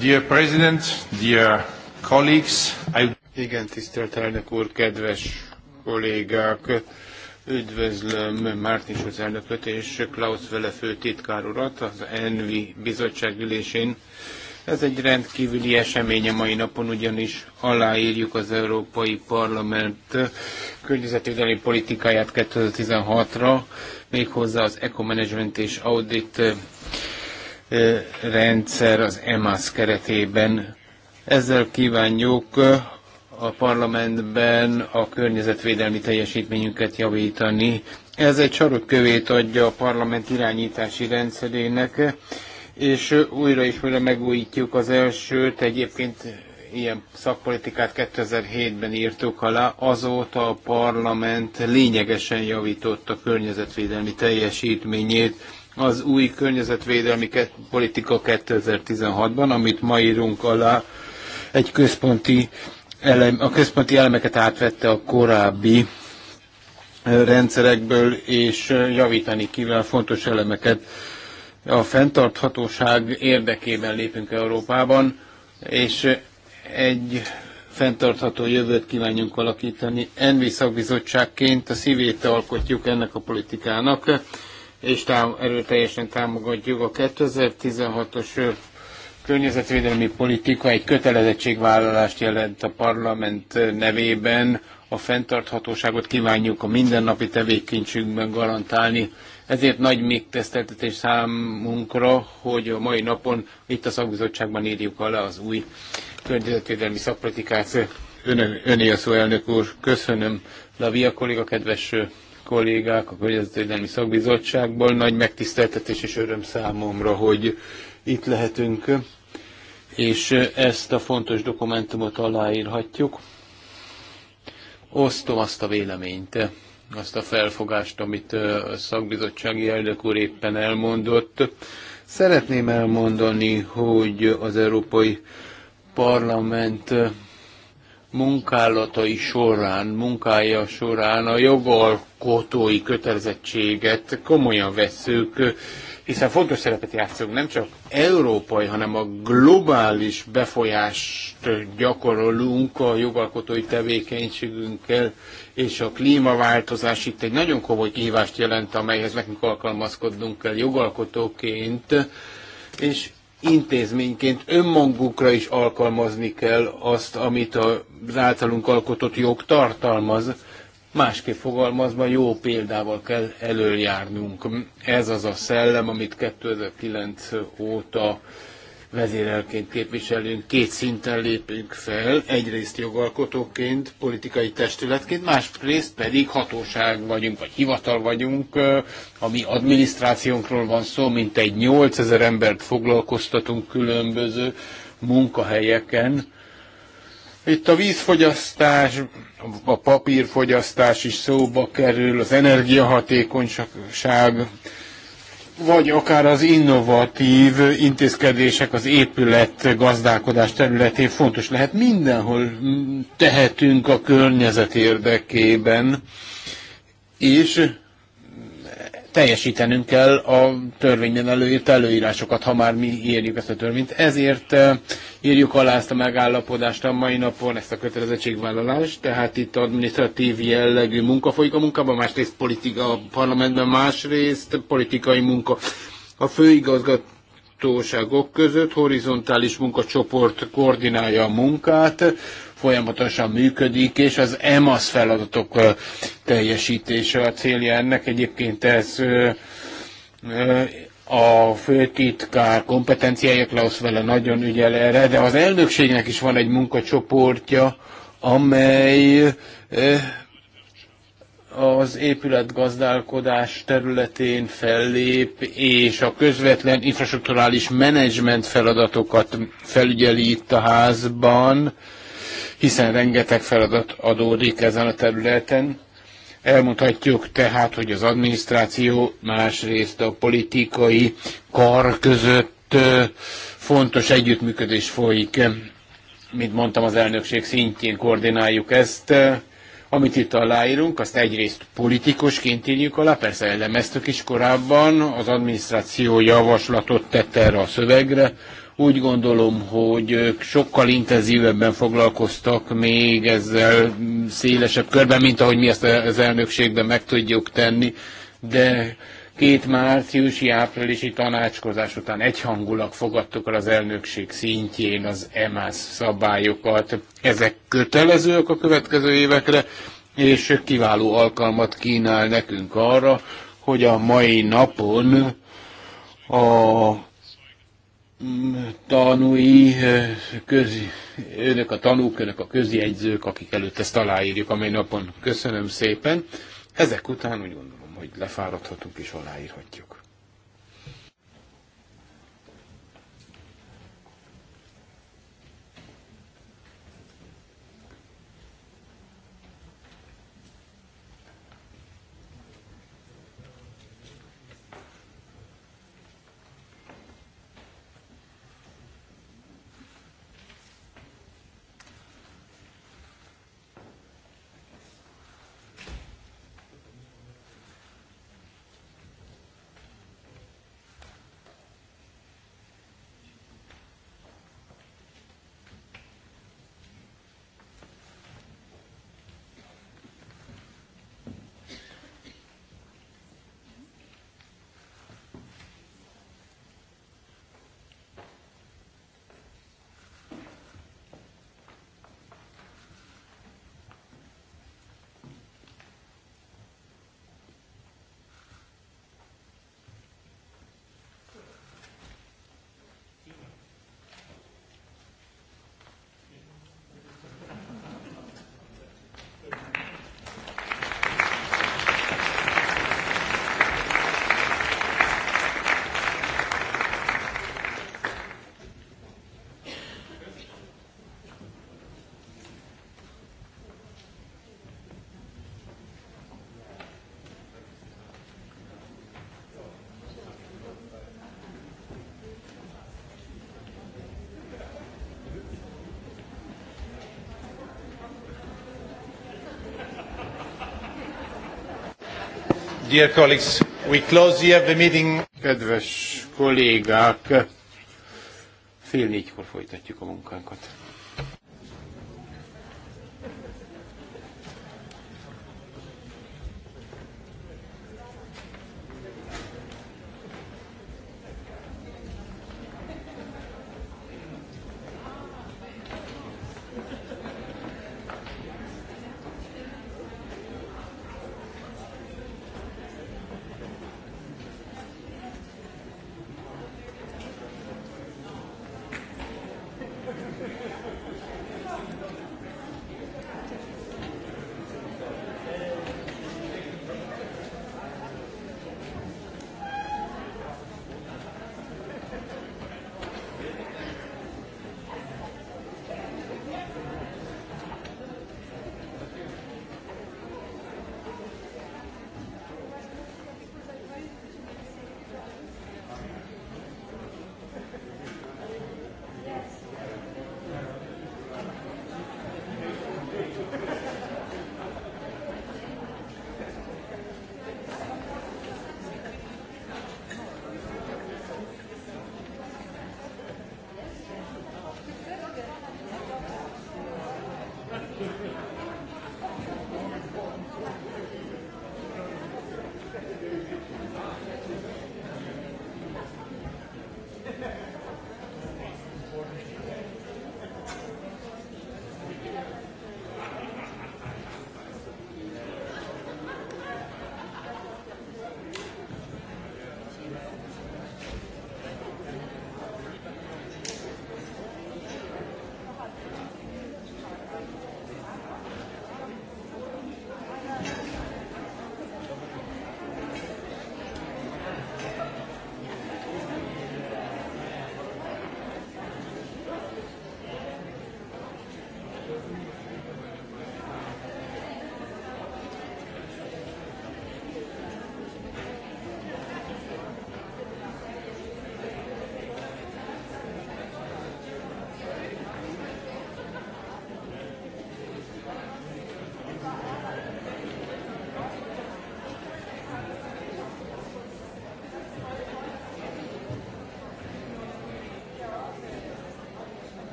Dear President, dear colleagues, I... Igen, tisztelt elnök úr, kedves kollégák, üdvözlöm Márti Schulz elnököt és Klaus Vele főtitkár urat az ENVI bizottság ülésén. Ez egy rendkívüli esemény a mai napon, ugyanis aláírjuk az Európai Parlament környezetvédelmi politikáját 2016-ra, méghozzá az Eco Management és Audit rendszer az EMAS keretében. Ezzel kívánjuk a parlamentben a környezetvédelmi teljesítményünket javítani. Ez egy sarokkövét adja a parlament irányítási rendszerének, és újra is újra megújítjuk az elsőt. Egyébként ilyen szakpolitikát 2007-ben írtuk alá, azóta a parlament lényegesen javította a környezetvédelmi teljesítményét az új környezetvédelmi politika 2016-ban, amit ma írunk alá, egy központi elem, a központi elemeket átvette a korábbi eh, rendszerekből, és eh, javítani kíván fontos elemeket. A fenntarthatóság érdekében lépünk Európában, és eh, egy fenntartható jövőt kívánjunk alakítani. Envi szakbizottságként a szívét alkotjuk ennek a politikának és tám, erőteljesen támogatjuk a 2016-os környezetvédelmi politika egy kötelezettségvállalást jelent a parlament nevében. A fenntarthatóságot kívánjuk a mindennapi tevékenységünkben garantálni. Ezért nagy megtiszteltetés számunkra, hogy a mai napon itt a szakbizottságban írjuk alá az új környezetvédelmi szakpolitikát. Ön, öné a szó, elnök úr. Köszönöm, Lavia kolléga, kedves kollégák a Környezetvédelmi Szakbizottságból. Nagy megtiszteltetés és öröm számomra, hogy itt lehetünk, és ezt a fontos dokumentumot aláírhatjuk. Osztom azt a véleményt, azt a felfogást, amit a szakbizottsági elnök úr éppen elmondott. Szeretném elmondani, hogy az Európai Parlament munkálatai során, munkája során a jogalkotói kötelezettséget komolyan vesszük, hiszen fontos szerepet játszunk nem csak európai, hanem a globális befolyást gyakorolunk a jogalkotói tevékenységünkkel, és a klímaváltozás itt egy nagyon komoly kihívást jelent, amelyhez nekünk alkalmazkodnunk kell jogalkotóként, és intézményként önmagukra is alkalmazni kell azt, amit az általunk alkotott jog tartalmaz. Másképp fogalmazva jó példával kell előjárnunk. Ez az a szellem, amit 2009 óta vezérelként képviselünk, két szinten lépünk fel, egyrészt jogalkotóként, politikai testületként, másrészt pedig hatóság vagyunk, vagy hivatal vagyunk, ami adminisztrációnkról van szó, mint egy 8000 embert foglalkoztatunk különböző munkahelyeken, itt a vízfogyasztás, a papírfogyasztás is szóba kerül, az energiahatékonyság, vagy akár az innovatív intézkedések az épület gazdálkodás területén fontos lehet. Mindenhol tehetünk a környezet érdekében, és teljesítenünk kell a törvényen előírt előírásokat, ha már mi írjuk ezt a törvényt. Ezért írjuk alá ezt a megállapodást a mai napon, ezt a kötelezettségvállalást, tehát itt administratív jellegű munka folyik a munkában, másrészt politika a parlamentben, másrészt politikai munka. A főigazgatóságok között horizontális munkacsoport koordinálja a munkát, folyamatosan működik, és az EMAS feladatok teljesítése a célja ennek. Egyébként ez a főtitkár kompetenciája, Klaus vele nagyon ügyel erre, de az elnökségnek is van egy munkacsoportja, amely eh, az épületgazdálkodás területén fellép, és a közvetlen infrastruktúrális menedzsment feladatokat felügyeli itt a házban, hiszen rengeteg feladat adódik ezen a területen Elmondhatjuk tehát, hogy az adminisztráció, másrészt a politikai kar között fontos együttműködés folyik. Mint mondtam, az elnökség szintjén koordináljuk ezt. Amit itt aláírunk, azt egyrészt politikusként írjuk alá, persze elemeztük is korábban, az adminisztráció javaslatot tette erre a szövegre, úgy gondolom, hogy ők sokkal intenzívebben foglalkoztak még ezzel szélesebb körben, mint ahogy mi ezt az elnökségben meg tudjuk tenni, de két márciusi áprilisi tanácskozás után egyhangulag fogadtuk el az elnökség szintjén az EMAS szabályokat. Ezek kötelezőek a következő évekre, és kiváló alkalmat kínál nekünk arra, hogy a mai napon a tanúi, eh, közi, önök a tanúk, önök a közjegyzők, akik előtt ezt aláírjuk, amely napon köszönöm szépen. Ezek után úgy gondolom, hogy lefáradhatunk és aláírhatjuk. Dear colleagues, we close here the meeting. Kedves kollégák, fél négykor folytatjuk a munkánkat.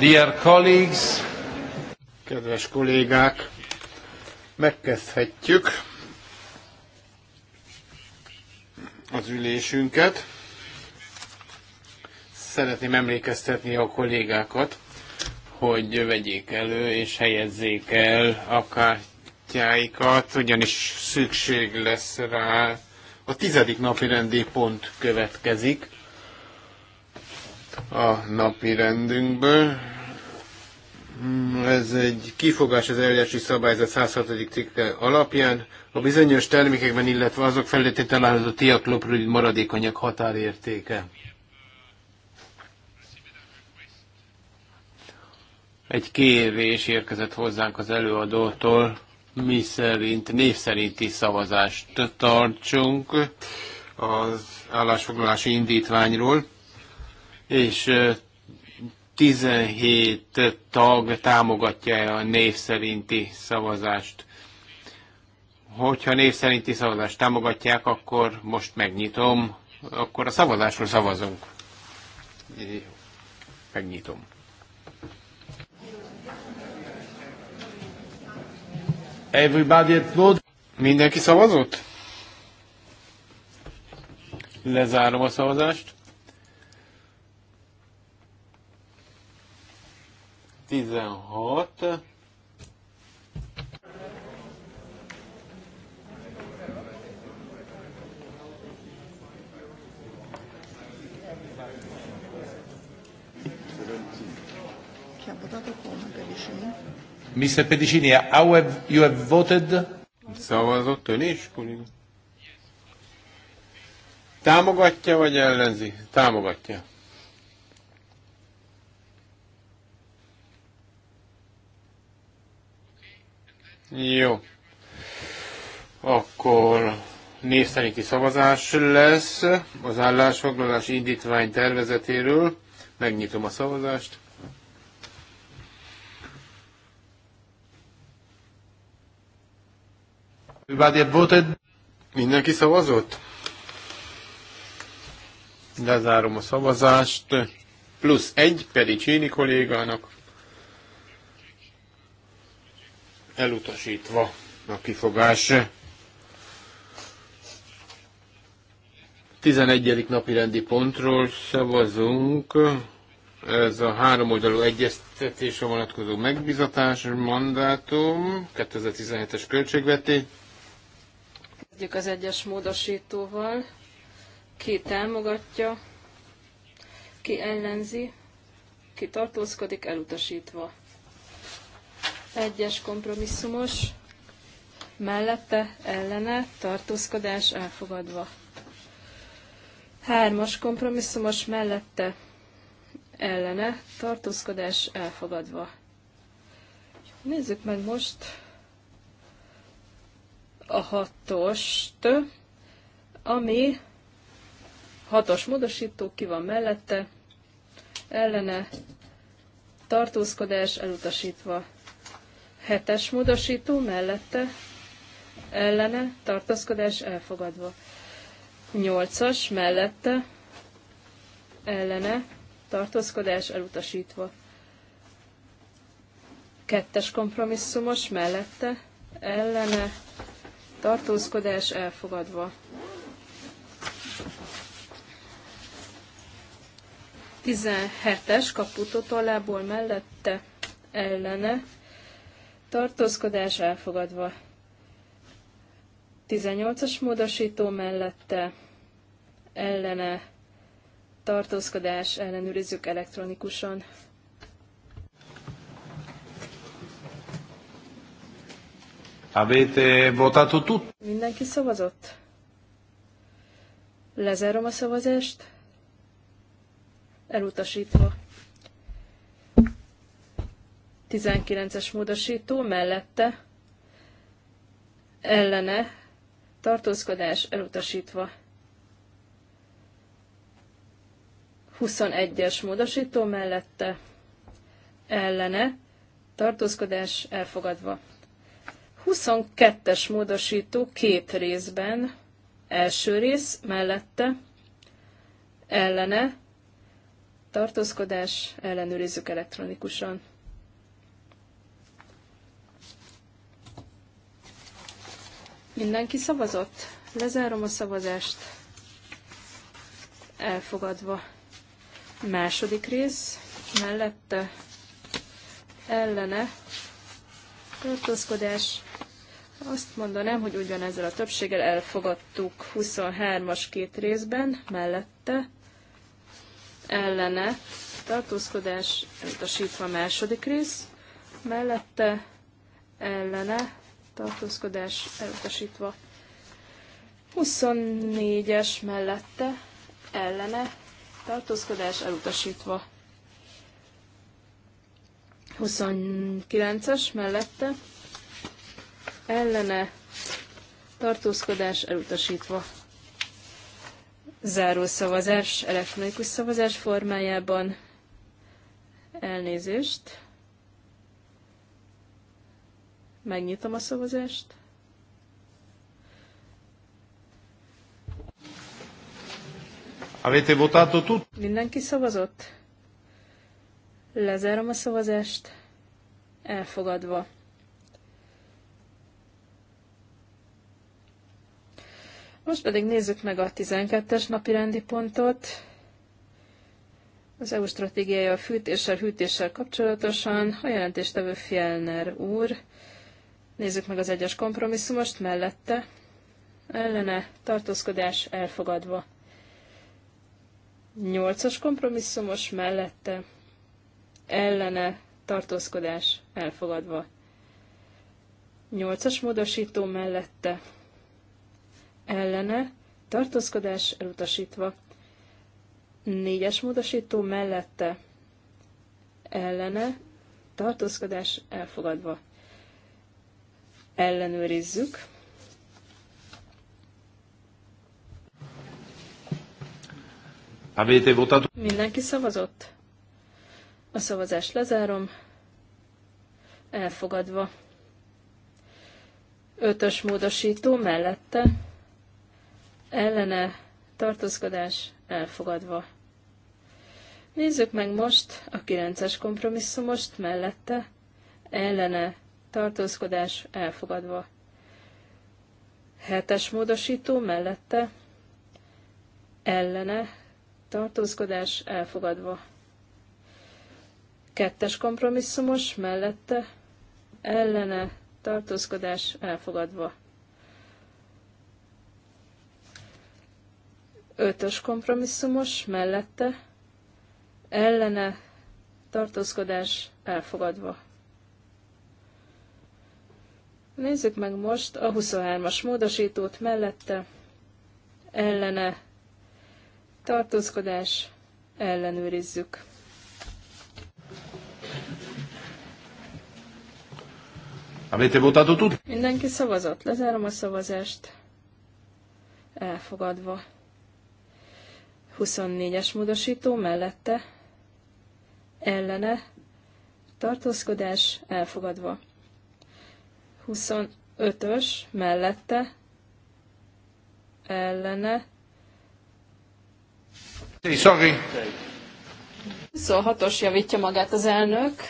Dear colleagues. Kedves kollégák, megkezdhetjük az ülésünket. Szeretném emlékeztetni a kollégákat, hogy vegyék elő és helyezzék el a kártyáikat, ugyanis szükség lesz rá. A tizedik napi rendi pont következik a napi rendünkből. Hmm, ez egy kifogás az eljárási szabályzat 106. cikke alapján. A bizonyos termékekben, illetve azok felületén található tiakloprid maradékanyag határértéke. Egy kérés érkezett hozzánk az előadótól, mi szerint név szerinti szavazást tartsunk az állásfoglalási indítványról és 17 tag támogatja a név szerinti szavazást. Hogyha név szerinti szavazást támogatják, akkor most megnyitom, akkor a szavazásról szavazunk. Megnyitom. Everybody vote. Mindenki szavazott? Lezárom a szavazást. 16. Pedicini? Mr. Pedicini, how have you have voted? Szavazott ön is, kolléga? Támogatja vagy ellenzi? Támogatja. Jó. Akkor név szerinti szavazás lesz az állásfoglalás indítvány tervezetéről. Megnyitom a szavazást. Mindenki szavazott? Lezárom a szavazást. Plusz egy pedig Csini kollégának. elutasítva a kifogás. 11. napi rendi pontról szavazunk. Ez a három oldalú egyeztetésre vonatkozó megbizatás, mandátum, 2017-es költségvetés. Kezdjük az egyes módosítóval. Ki támogatja, ki ellenzi, ki tartózkodik, elutasítva. Egyes kompromisszumos, mellette, ellene, tartózkodás elfogadva. Hármas kompromisszumos, mellette, ellene, tartózkodás elfogadva. Nézzük meg most a hatost, ami hatos módosító, ki van mellette, ellene, tartózkodás elutasítva. Hetes módosító mellette ellene tartózkodás elfogadva. Nyolcas mellette ellene tartózkodás elutasítva. Kettes kompromisszumos mellette ellene tartózkodás elfogadva. Tizenhetes es kaputó tollából mellette ellene tartózkodás elfogadva. 18-as módosító mellette ellene tartózkodás ellenőrizzük elektronikusan. Avete votato tutto. Mindenki szavazott? Lezárom a szavazást. Elutasítva. 19-es módosító mellette ellene tartózkodás elutasítva. 21-es módosító mellette ellene tartózkodás elfogadva. 22-es módosító két részben, első rész mellette ellene tartózkodás ellenőrizzük elektronikusan. Mindenki szavazott? Lezárom a szavazást. Elfogadva. Második rész. Mellette. Ellene. Tartózkodás. Azt mondanám, hogy ugyanezzel a többséggel elfogadtuk 23-as két részben, mellette, ellene, tartózkodás, Elutasítva a második rész, mellette, ellene, tartózkodás elutasítva. 24-es mellette ellene tartózkodás elutasítva. 29-es mellette ellene tartózkodás elutasítva. Záró szavazás elektronikus szavazás formájában. Elnézést. Megnyitom a szavazást. Avete votato tutti? Mindenki szavazott? Lezárom a szavazást. Elfogadva. Most pedig nézzük meg a 12-es napi rendi pontot. Az EU stratégiája a fűtéssel, hűtéssel kapcsolatosan a jelentéstevő Fjellner úr. Nézzük meg az egyes kompromisszumost mellette. Ellene tartózkodás elfogadva. Nyolcas kompromisszumos mellette. Ellene tartózkodás elfogadva. Nyolcas módosító mellette. Ellene tartózkodás elutasítva. Négyes módosító mellette. Ellene tartózkodás elfogadva ellenőrizzük. Avete votato? Mindenki szavazott? A szavazást lezárom. Elfogadva. Ötös módosító mellette. Ellene tartózkodás elfogadva. Nézzük meg most a 9-es kompromisszumost mellette. Ellene tartózkodás elfogadva. Hetes módosító mellette ellene tartózkodás elfogadva. Kettes kompromisszumos mellette ellene tartózkodás elfogadva. Ötös kompromisszumos mellette ellene tartózkodás elfogadva. Nézzük meg most a 23-as módosítót mellette, ellene, tartózkodás, ellenőrizzük. votato Mindenki szavazott. Lezárom a szavazást. Elfogadva. 24-es módosító mellette. Ellene. Tartózkodás elfogadva. 25-ös mellette ellene. 26-os javítja magát az elnök.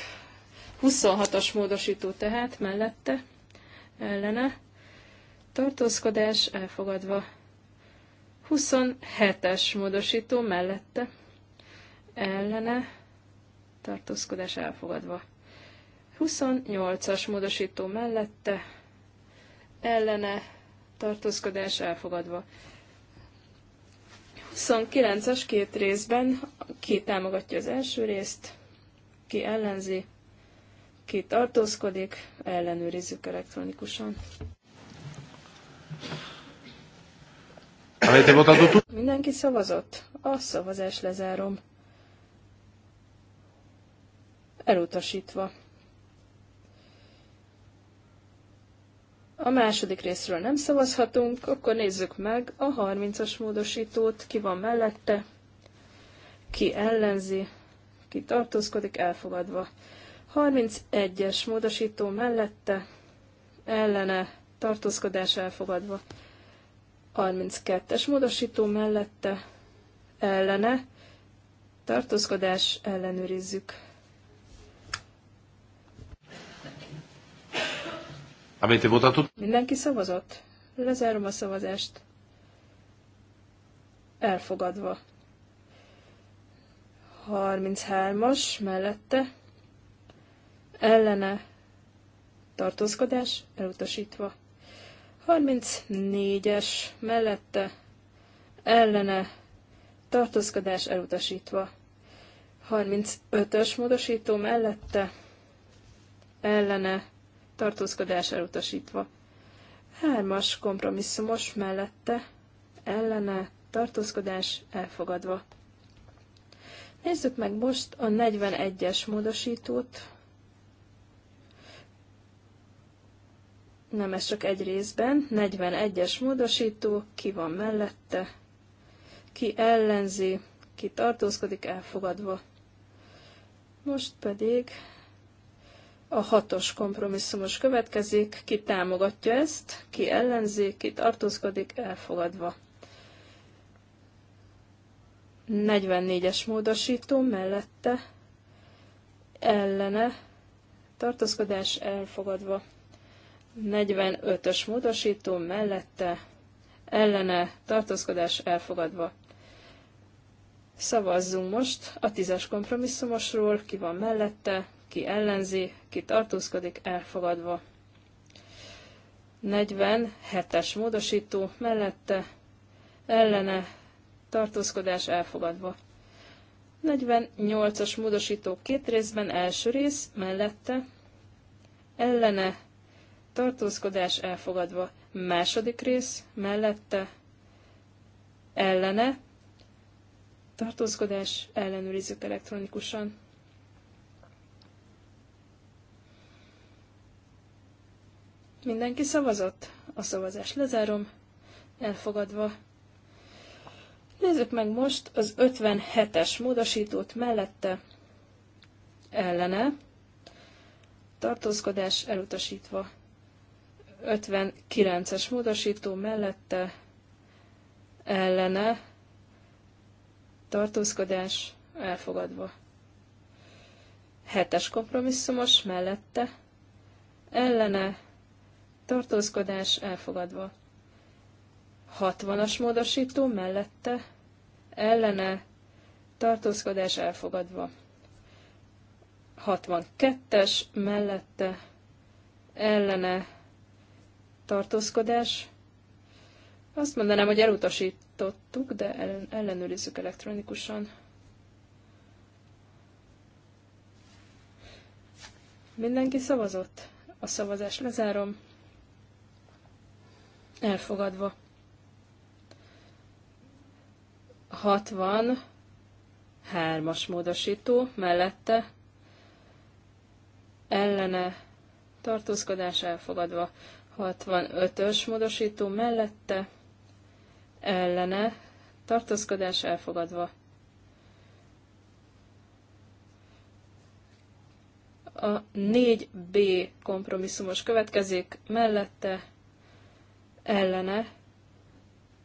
26-os módosító tehát mellette ellene. Tartózkodás elfogadva. 27-es módosító mellette ellene. Tartózkodás elfogadva. 28-as módosító mellette ellene tartózkodás elfogadva. 29 as két részben, ki támogatja az első részt, ki ellenzi, ki tartózkodik, ellenőrizzük elektronikusan. Mindenki szavazott? A szavazás lezárom. Elutasítva. A második részről nem szavazhatunk, akkor nézzük meg a 30-as módosítót, ki van mellette, ki ellenzi, ki tartózkodik, elfogadva. 31-es módosító mellette, ellene, tartózkodás elfogadva. 32-es módosító mellette, ellene, tartózkodás ellenőrizzük. Avete votato? Mindenki szavazott? Lezárom a szavazást. Elfogadva. 33-as mellette. Ellene. Tartózkodás elutasítva. 34-es mellette. Ellene. Tartózkodás elutasítva. 35-ös módosító mellette. Ellene tartózkodására elutasítva. Hármas kompromisszumos mellette ellene tartózkodás elfogadva. Nézzük meg most a 41-es módosítót. Nem, ez csak egy részben. 41-es módosító, ki van mellette, ki ellenzi, ki tartózkodik elfogadva. Most pedig a hatos kompromisszumos következik, ki támogatja ezt, ki ellenzi, ki tartózkodik, elfogadva. 44-es módosító mellette ellene tartózkodás elfogadva. 45-ös módosító mellette ellene tartózkodás elfogadva. Szavazzunk most a tízes kompromisszumosról, ki van mellette, ki ellenzi, ki tartózkodik, elfogadva. 47-es módosító mellette ellene tartózkodás elfogadva. 48-as módosító két részben első rész mellette ellene tartózkodás elfogadva. Második rész mellette ellene tartózkodás ellenőrizzük elektronikusan. Mindenki szavazott? A szavazást lezárom. Elfogadva. Nézzük meg most az 57-es módosítót mellette ellene. Tartózkodás elutasítva. 59-es módosító mellette ellene. Tartózkodás elfogadva. 7-es kompromisszumos mellette ellene tartózkodás elfogadva. 60-as módosító mellette ellene tartózkodás elfogadva. 62-es mellette ellene tartózkodás. Azt mondanám, hogy elutasítottuk, de ellen, ellenőrizzük elektronikusan. Mindenki szavazott? A szavazás lezárom elfogadva. 60, hármas módosító, mellette ellene tartózkodás elfogadva. 65-ös módosító mellette ellene tartózkodás elfogadva. A 4B kompromisszumos következik mellette ellene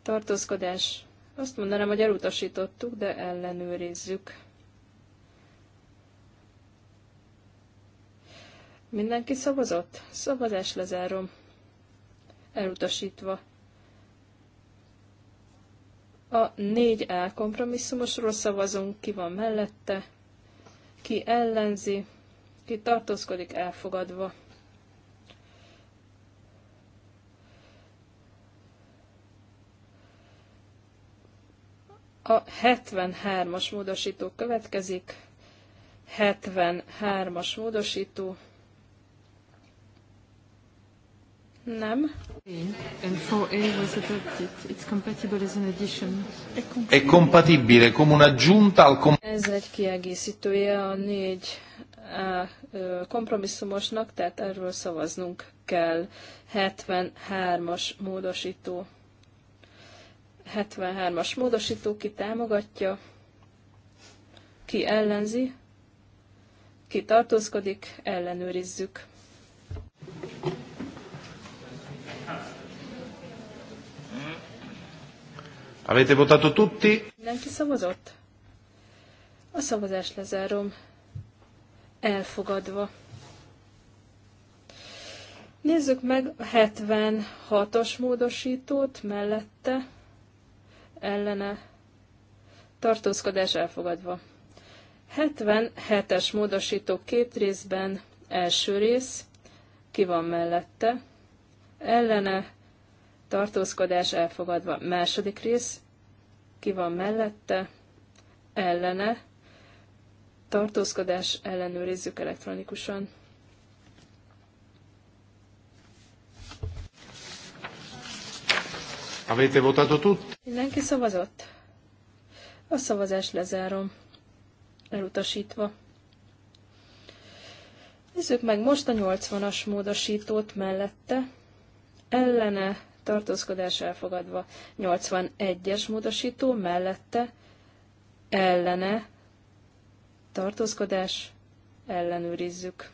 tartózkodás. Azt mondanám, hogy elutasítottuk, de ellenőrizzük. Mindenki szavazott? Szavazás lezárom. Elutasítva. A 4A kompromisszumosról szavazunk, ki van mellette, ki ellenzi, ki tartózkodik elfogadva. A 73-as módosító következik. 73-as módosító. Nem. And 4A was adopted. It's compatible as an addition. È compatibile come un'aggiunta al com- Ez egy kiegészítője a négy a kompromisszumosnak, tehát erről szavaznunk kell. 73-as módosító. 73-as módosító, ki támogatja, ki ellenzi, ki tartózkodik, ellenőrizzük. Avete votato tutti? Mindenki szavazott? A szavazást lezárom. Elfogadva. Nézzük meg a 76-os módosítót mellette ellene tartózkodás elfogadva. 77-es módosító két részben, első rész, ki van mellette, ellene tartózkodás elfogadva. Második rész, ki van mellette, ellene tartózkodás ellenőrizzük elektronikusan. Avete votato tutti? Mindenki szavazott? A szavazás lezárom. Elutasítva. Nézzük meg most a 80-as módosítót mellette. Ellene tartózkodás elfogadva. 81-es módosító mellette. Ellene tartózkodás ellenőrizzük.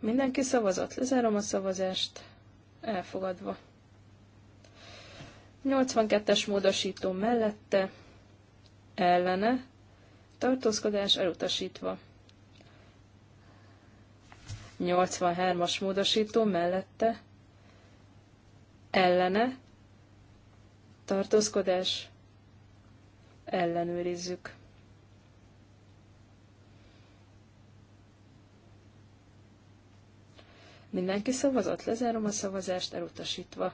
Mindenki szavazott. Lezárom a szavazást. Elfogadva. 82-es módosító mellette, ellene, tartózkodás elutasítva. 83-as módosító mellette, ellene, tartózkodás ellenőrizzük. Mindenki szavazott, lezárom a szavazást, elutasítva.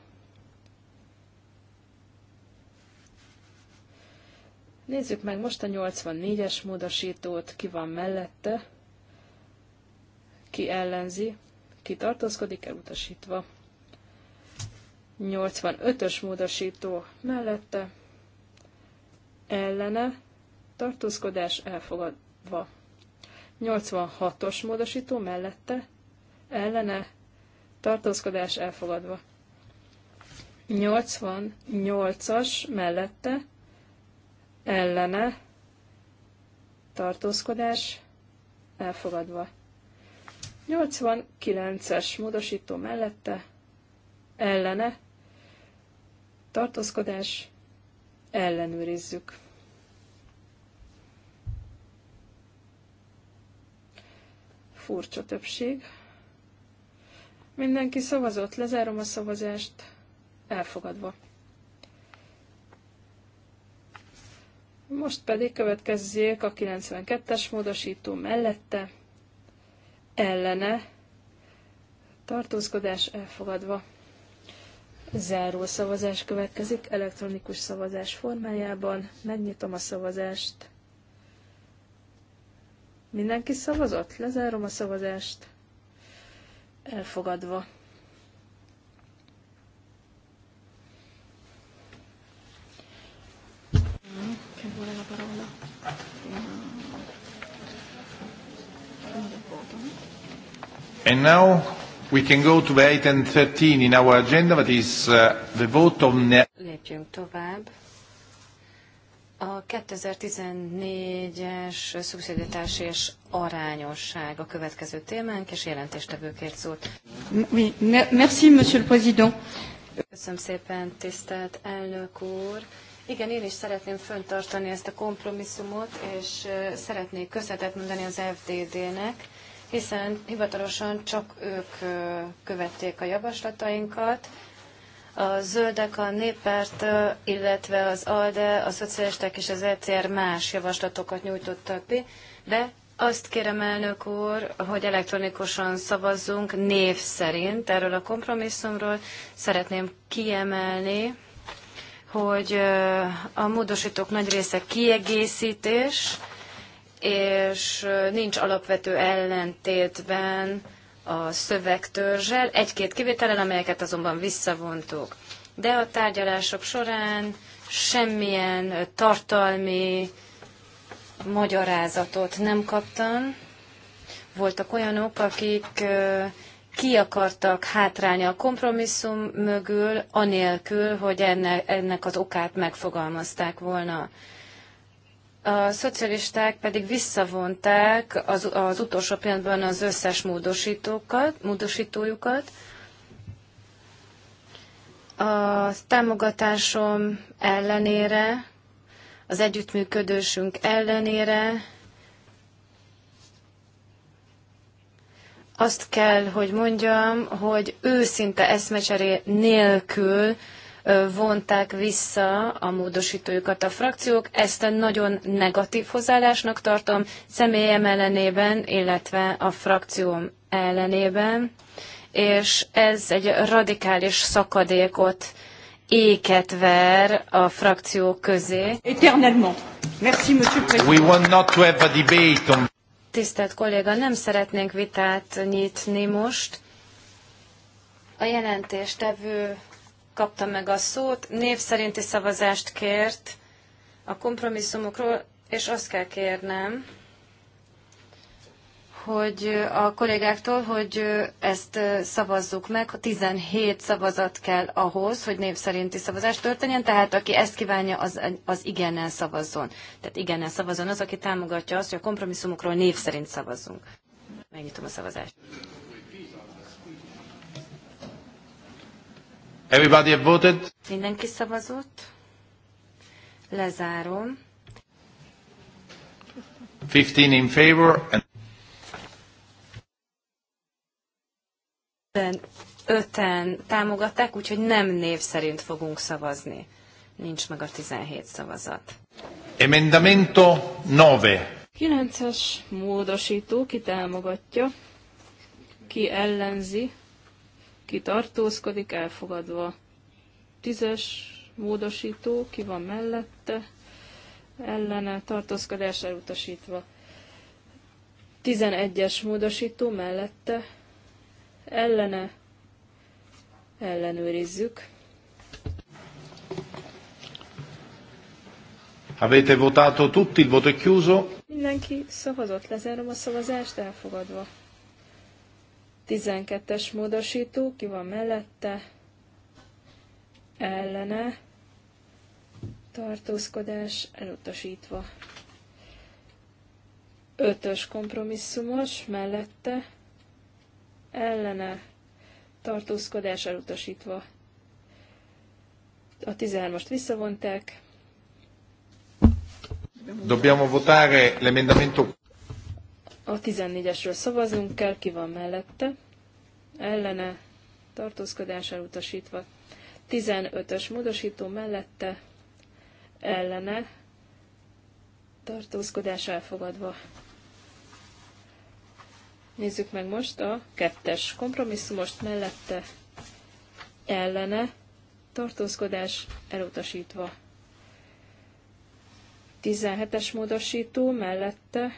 Nézzük meg most a 84-es módosítót, ki van mellette, ki ellenzi, ki tartózkodik, elutasítva. 85-ös módosító mellette, ellene, tartózkodás elfogadva. 86-os módosító mellette, ellene tartózkodás elfogadva. 88-as mellette ellene tartózkodás elfogadva. 89-es módosító mellette ellene tartózkodás ellenőrizzük. Furcsa többség. Mindenki szavazott, lezárom a szavazást, elfogadva. Most pedig következzék a 92-es módosító mellette, ellene, tartózkodás elfogadva. Záró szavazás következik elektronikus szavazás formájában. Megnyitom a szavazást. Mindenki szavazott? Lezárom a szavazást elfogadva. And now we can go to the item 13 in our agenda, that is uh, the vote on... Lépjünk tovább. A 2014-es szubszidiatás és arányosság a következő témánk, és jelentéstevőkért szólt. merci, monsieur le président. Köszönöm szépen, tisztelt elnök úr. Igen, én is szeretném föntartani ezt a kompromisszumot, és szeretnék köszönetet mondani az FDD-nek, hiszen hivatalosan csak ők követték a javaslatainkat, a zöldek, a néppárt, illetve az ALDE, a szocialisták és az ECR más javaslatokat nyújtottak be, de azt kérem, elnök úr, hogy elektronikusan szavazzunk név szerint erről a kompromisszumról. Szeretném kiemelni, hogy a módosítók nagy része kiegészítés, és nincs alapvető ellentétben a szövegtörzsel, egy-két kivételen, amelyeket azonban visszavontuk. De a tárgyalások során semmilyen tartalmi magyarázatot nem kaptam. Voltak olyanok, akik ki akartak hátrálni a kompromisszum mögül, anélkül, hogy ennek, ennek az okát megfogalmazták volna. A szocialisták pedig visszavonták az, az utolsó pillanatban az összes módosítókat, módosítójukat. A támogatásom ellenére, az együttműködősünk ellenére azt kell, hogy mondjam, hogy őszinte eszmecseré nélkül vonták vissza a módosítójukat a frakciók. Ezt a nagyon negatív hozzáállásnak tartom személyem ellenében, illetve a frakcióm ellenében, és ez egy radikális szakadékot éket ver a frakciók közé. Merci, monsieur le We want not to have a debate on... Tisztelt kolléga, nem szeretnénk vitát nyitni most. A jelentéstevő kapta meg a szót, név szerinti szavazást kért a kompromisszumokról, és azt kell kérnem, hogy a kollégáktól, hogy ezt szavazzuk meg, 17 szavazat kell ahhoz, hogy név szerinti szavazást történjen, tehát aki ezt kívánja, az, az igennel szavazzon. Tehát igennel szavazzon az, aki támogatja azt, hogy a kompromisszumokról név szerint szavazzunk. Megnyitom a szavazást. Everybody have voted? Mindenki szavazott. Lezárom. 15 in favor and öten támogatták, úgyhogy nem név szerint fogunk szavazni. Nincs meg a 17 szavazat. Emendamento 9. 9-es módosító, ki támogatja, ki ellenzi, ki tartózkodik, elfogadva. Tízes módosító, ki van mellette, ellene, tartózkodás elutasítva. Tizenegyes módosító mellette, ellene, ellenőrizzük. Avete votato tutti, il voto è chiuso. Mindenki szavazott, lezárom a szavazást, elfogadva. 12-es módosító, ki van mellette, ellene, tartózkodás elutasítva. 5-ös kompromisszumos, mellette, ellene, tartózkodás elutasítva. A 13-ast visszavonták. Dobbiamo votare l'emendamento a 14-esről szavazunk kell, ki van mellette, ellene, tartózkodás elutasítva. 15-ös módosító mellette, ellene, tartózkodás elfogadva. Nézzük meg most a kettes kompromisszumost mellette, ellene, tartózkodás elutasítva. 17-es módosító mellette,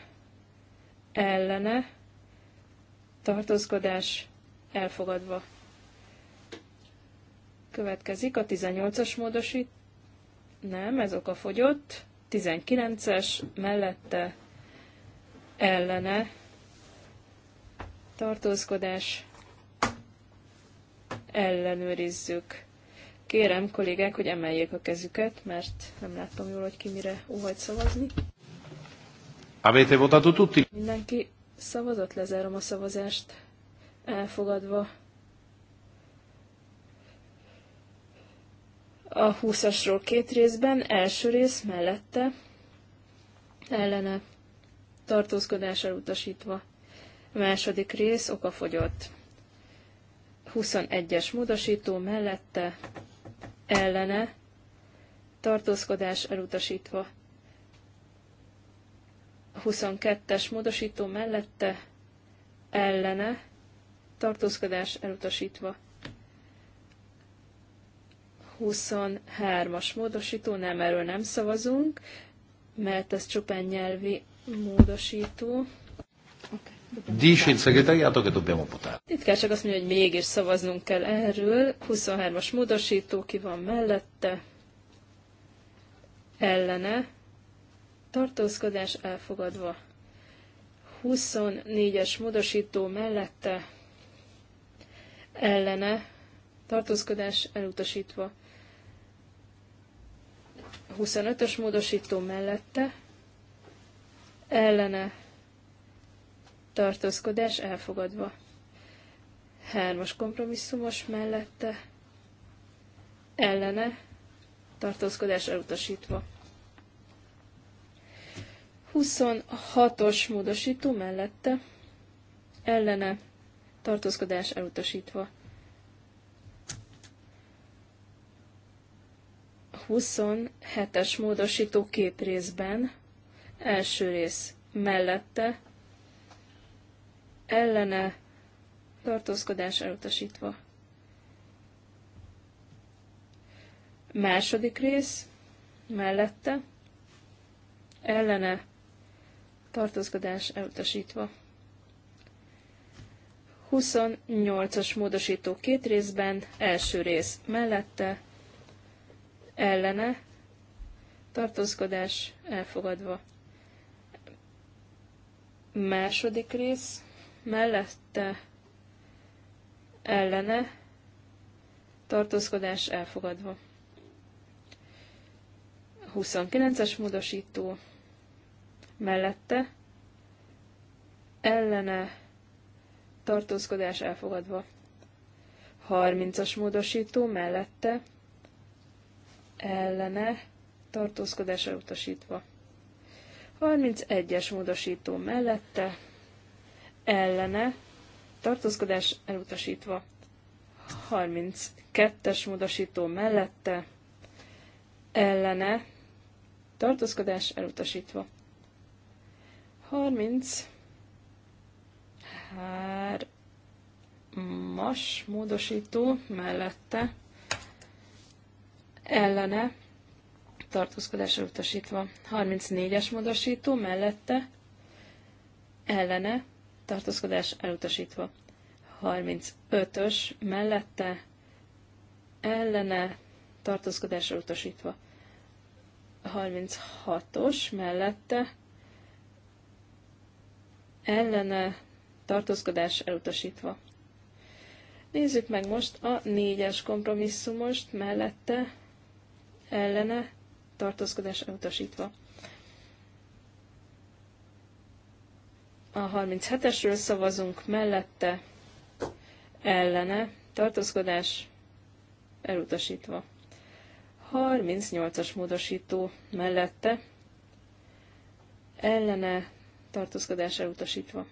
ellene, tartózkodás elfogadva. Következik a 18-as módosít, nem, ez oka fogyott, 19-es mellette ellene tartózkodás ellenőrizzük. Kérem kollégák, hogy emeljék a kezüket, mert nem láttam jól, hogy ki mire óhajt szavazni. Avete votato tutti? Mindenki szavazott, lezárom a szavazást. Elfogadva. A 20-asról két részben, első rész mellette, ellene, tartózkodás elutasítva. A második rész okafogyott. 21-es módosító mellette, ellene, tartózkodás elutasítva. 22-es módosító mellette ellene tartózkodás elutasítva. 23-as módosító, nem, erről nem szavazunk, mert ez csupán nyelvi módosító. Itt il segretariato azt mondja, hogy mégis szavaznunk kell erről. 23-as módosító, ki van mellette, ellene, tartózkodás elfogadva. 24-es módosító mellette ellene tartózkodás elutasítva. 25-ös módosító mellette ellene tartózkodás elfogadva. 3-as kompromisszumos mellette ellene tartózkodás elutasítva. 26-os módosító mellette ellene tartózkodás elutasítva. 27-es módosító két részben, első rész mellette, ellene tartózkodás elutasítva. Második rész mellette, ellene tartózkodás elutasítva. 28-as módosító két részben, első rész mellette, ellene, tartózkodás elfogadva. Második rész, mellette, ellene, tartózkodás elfogadva. 29-es módosító, mellette ellene tartózkodás elfogadva. 30-as módosító mellette ellene tartózkodás elutasítva. 31-es módosító mellette ellene tartózkodás elutasítva. 32-es módosító mellette ellene tartózkodás elutasítva. 30 mas módosító mellette ellene tartózkodásra utasítva. 34-es módosító mellette ellene tartózkodás elutasítva. 35-ös mellette ellene tartózkodásra utasítva. 36-os mellette ellene tartózkodás elutasítva. Nézzük meg most a négyes kompromisszumost mellette ellene tartózkodás elutasítva. A 37-esről szavazunk mellette ellene tartózkodás elutasítva. 38-as módosító mellette ellene tartózkodás elutasítva.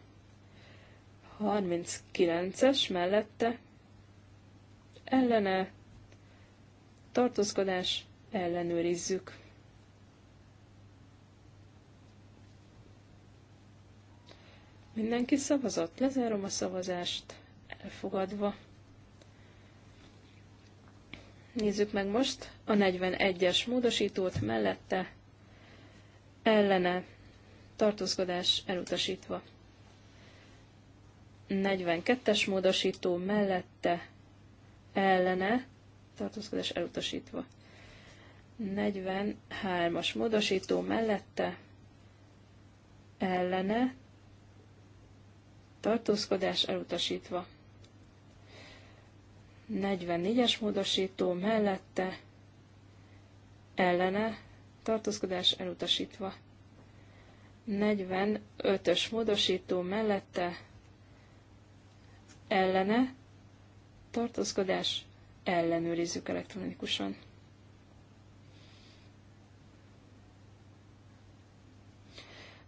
39-es mellette ellene tartózkodás ellenőrizzük. Mindenki szavazott, lezárom a szavazást, elfogadva. Nézzük meg most a 41-es módosítót mellette ellene tartózkodás elutasítva. 42-es módosító mellette ellene tartózkodás elutasítva. 43-as módosító mellette ellene tartózkodás elutasítva. 44-es módosító mellette ellene tartózkodás elutasítva. 45-ös módosító mellette ellene tartózkodás ellenőrizzük elektronikusan.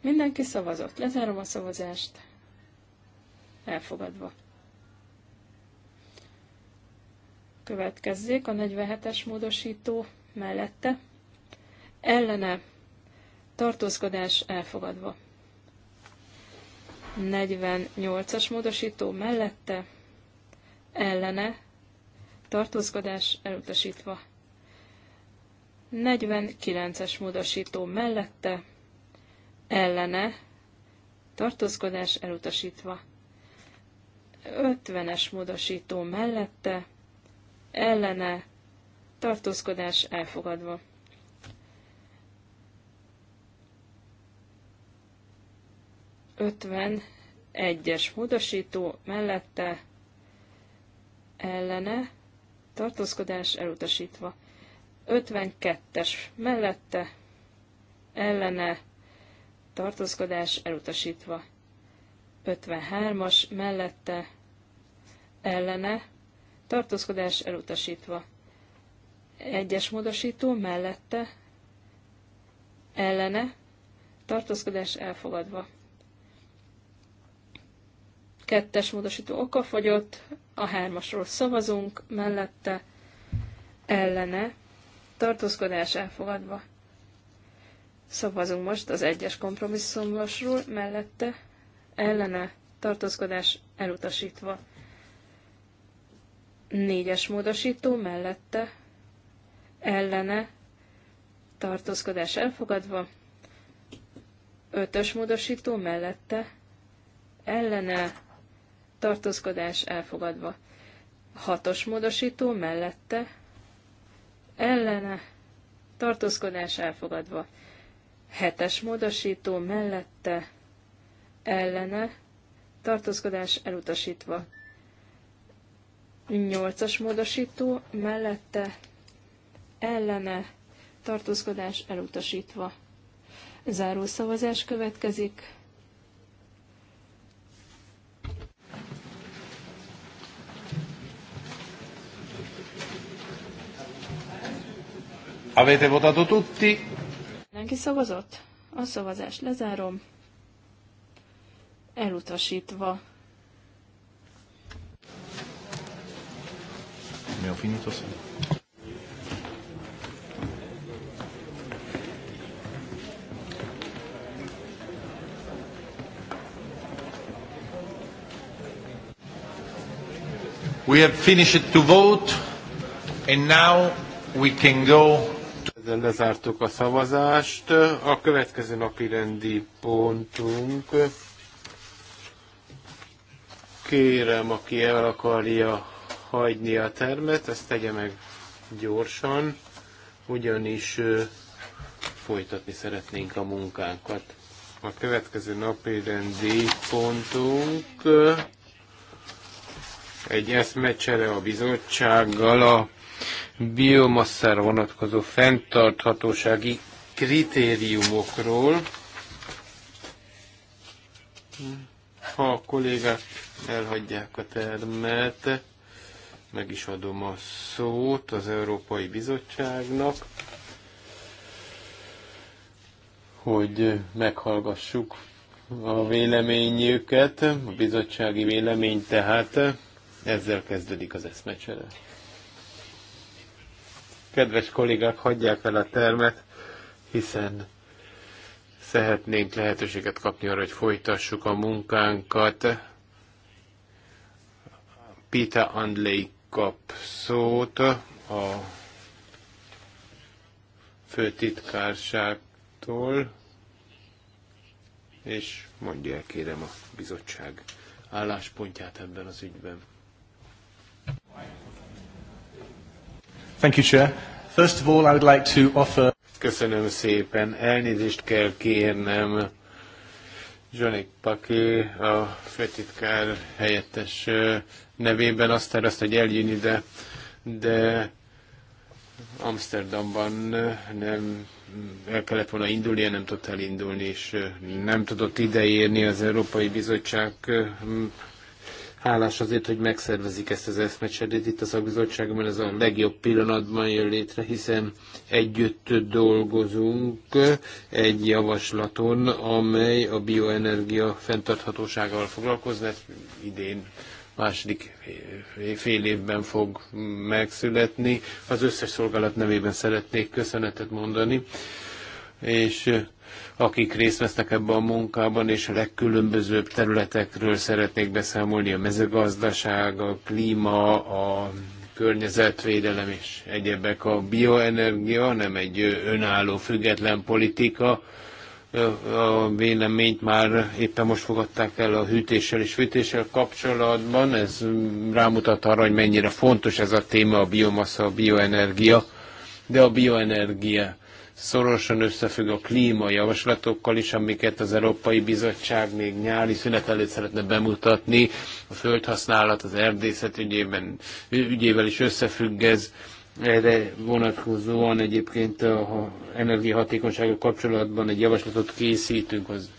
Mindenki szavazott. Lezárom a szavazást. Elfogadva. Következzék a 47-es módosító mellette. Ellene tartózkodás elfogadva. 48-as módosító mellette, ellene, tartózkodás elutasítva. 49-es módosító mellette, ellene, tartózkodás elutasítva. 50-es módosító mellette, ellene, tartózkodás elfogadva. 51-es módosító mellette ellene tartózkodás elutasítva. 52-es mellette ellene tartózkodás elutasítva. 53-as mellette ellene tartózkodás elutasítva. 1-es módosító mellette ellene tartózkodás elfogadva. Kettes módosító okafogyott, a hármasról szavazunk, mellette ellene tartózkodás elfogadva. Szavazunk most az egyes kompromisszumosról, mellette ellene tartózkodás elutasítva. Négyes módosító mellette ellene tartózkodás elfogadva. Ötös módosító mellette ellene tartózkodás elfogadva. Hatos módosító mellette, ellene, tartózkodás elfogadva. Hetes módosító mellette, ellene, tartózkodás elutasítva. Nyolcas módosító mellette, ellene, tartózkodás elutasítva. Zárószavazás következik. Avete votato tutti? Mindenki szavazott? A szavazást lezárom. Elutasítva. Mi a finito We have finished to vote and now we can go lezártuk a szavazást. A következő napi rendi pontunk. Kérem, aki el akarja hagyni a termet, ezt tegye meg gyorsan, ugyanis folytatni szeretnénk a munkánkat. A következő napi rendi pontunk egy eszmecsere a bizottsággal a biomasszára vonatkozó fenntarthatósági kritériumokról. Ha a kollégák elhagyják a termet, meg is adom a szót az Európai Bizottságnak, hogy meghallgassuk a véleményüket, a bizottsági vélemény tehát, ezzel kezdődik az eszmecsere. Kedves kollégák, hagyják el a termet, hiszen szeretnénk lehetőséget kapni arra, hogy folytassuk a munkánkat. Pita Andley kap szót a főtitkárságtól, és mondja el kérem a bizottság álláspontját ebben az ügyben. Thank you, Chair. First of all, I would like to offer... Köszönöm szépen. Elnézést kell kérnem. Johnny Paki, a főtitkár helyettes nevében azt tervezt, hogy eljön ide, de Amsterdamban nem el kellett volna indulnia, nem tudott elindulni, és nem tudott ideérni az Európai Bizottság Hálás azért, hogy megszervezik ezt az eszmecserét itt a szakbizottságban, ez a legjobb pillanatban jön létre, hiszen együtt dolgozunk egy javaslaton, amely a bioenergia fenntarthatósággal foglalkozna, ez idén második fél évben fog megszületni. Az összes szolgálat nevében szeretnék köszönetet mondani, és akik részt vesznek ebben a munkában, és a legkülönbözőbb területekről szeretnék beszámolni, a mezőgazdaság, a klíma, a környezetvédelem és egyebek. A bioenergia nem egy önálló, független politika, a véleményt már éppen most fogadták el a hűtéssel és fűtéssel kapcsolatban. Ez rámutat arra, hogy mennyire fontos ez a téma, a biomassa, a bioenergia. De a bioenergia szorosan összefügg a klíma, javaslatokkal is, amiket az Európai Bizottság még nyári szünet előtt szeretne bemutatni. A földhasználat az erdészet ügyében, ügyével is összefügg ez. Erre vonatkozóan egyébként a energiahatékonysága kapcsolatban egy javaslatot készítünk az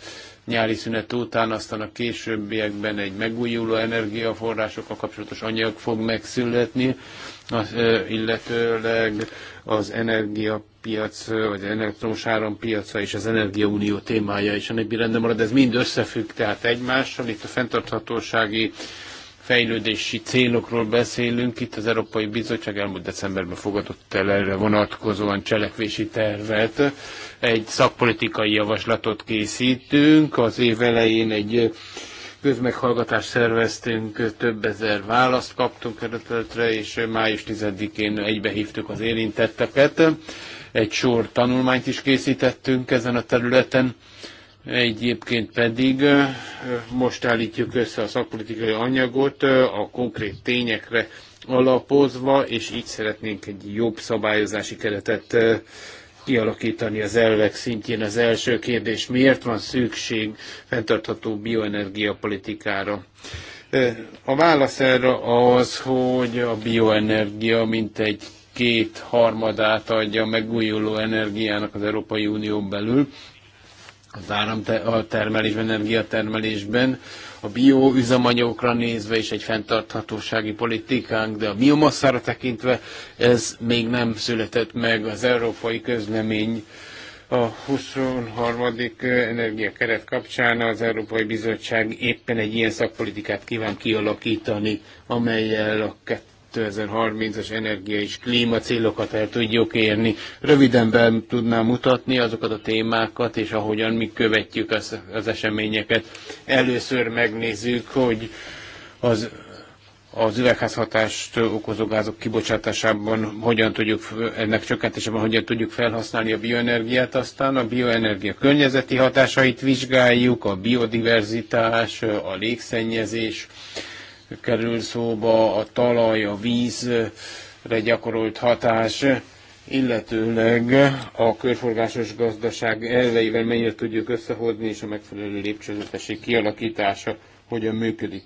nyári szünet után, aztán a későbbiekben egy megújuló energiaforrásokkal kapcsolatos anyag fog megszületni, az, illetőleg az energia piac vagy az elektromos árampiaca és az energiaunió témája is a rendben marad, ez mind összefügg tehát egymással. Itt a fenntarthatósági fejlődési célokról beszélünk. Itt az Európai Bizottság elmúlt decemberben fogadott el erre vonatkozóan cselekvési tervet. Egy szakpolitikai javaslatot készítünk. Az év elején egy közmeghallgatást szerveztünk, több ezer választ kaptunk eredetre, és május 10-én egybehívtuk az érintetteket. Egy sor tanulmányt is készítettünk ezen a területen, egyébként pedig most állítjuk össze a szakpolitikai anyagot a konkrét tényekre alapozva, és így szeretnénk egy jobb szabályozási keretet kialakítani az elvek szintjén. Az első kérdés, miért van szükség fenntartható bioenergia politikára. A válasz erre az, hogy a bioenergia mint egy két harmadát adja a megújuló energiának az Európai Unió belül, az áramtermelésben, energiatermelésben, a bioüzemanyagokra nézve is egy fenntarthatósági politikánk, de a biomasszára tekintve ez még nem született meg az európai közlemény a 23. energiakeret kapcsán az Európai Bizottság éppen egy ilyen szakpolitikát kíván kialakítani, amelyel a 2030-as energia és klíma célokat el tudjuk érni. Röviden be tudnám mutatni azokat a témákat, és ahogyan mi követjük az, az eseményeket. Először megnézzük, hogy az az üvegházhatást okozó gázok kibocsátásában hogyan tudjuk, ennek csökkentésében hogyan tudjuk felhasználni a bioenergiát, aztán a bioenergia környezeti hatásait vizsgáljuk, a biodiverzitás, a légszennyezés, kerül szóba, a talaj, a vízre gyakorolt hatás, illetőleg a körforgásos gazdaság elveivel mennyire tudjuk összehozni, és a megfelelő lépcsőzetesség kialakítása hogyan működik.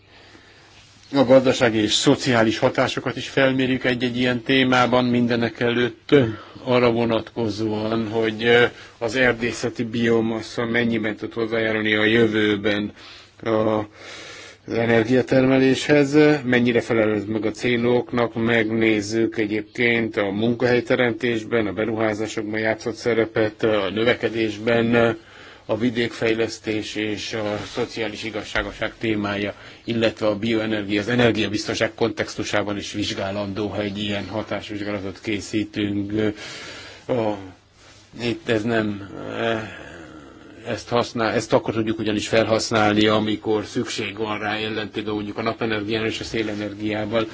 A gazdasági és szociális hatásokat is felmérjük egy-egy ilyen témában, mindenek előtt arra vonatkozóan, hogy az erdészeti biomassa mennyiben tud hozzájárulni a jövőben a az energiatermeléshez, mennyire felelőz meg a célóknak, megnézzük egyébként a munkahelyteremtésben, a beruházásokban játszott szerepet, a növekedésben, a vidékfejlesztés és a szociális igazságoság témája, illetve a bioenergia, az energiabiztonság kontextusában is vizsgálandó, ha egy ilyen hatásvizsgálatot készítünk. A, itt ez nem ezt, használ, ezt akkor tudjuk ugyanis felhasználni, amikor szükség van rá, ellentétben mondjuk a napenergián és a szélenergiával.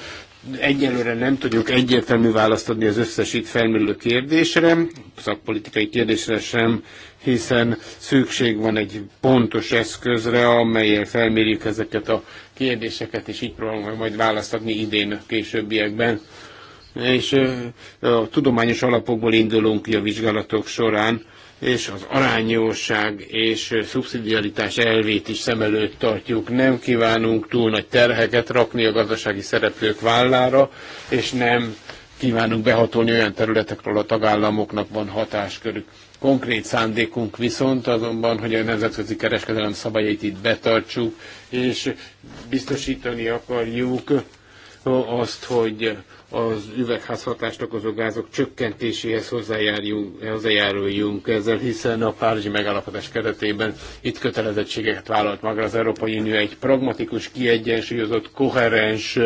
Egyelőre nem tudjuk egyértelmű választ adni az összes itt felmerülő kérdésre, szakpolitikai kérdésre sem, hiszen szükség van egy pontos eszközre, amelyel felmérjük ezeket a kérdéseket, és így próbálunk majd választ adni idén, későbbiekben. És a tudományos alapokból indulunk ki a vizsgálatok során, és az arányosság és szubszidialitás elvét is szem előtt tartjuk. Nem kívánunk túl nagy terheket rakni a gazdasági szereplők vállára, és nem kívánunk behatolni olyan területekről a tagállamoknak van hatáskörük. Konkrét szándékunk viszont azonban, hogy a nemzetközi kereskedelem szabályait itt betartsuk, és biztosítani akarjuk azt, hogy az üvegházhatást okozó gázok csökkentéséhez hozzájáruljunk ezzel, hiszen a Párizsi megállapodás keretében itt kötelezettségeket vállalt maga az Európai Unió. Egy pragmatikus, kiegyensúlyozott, koherens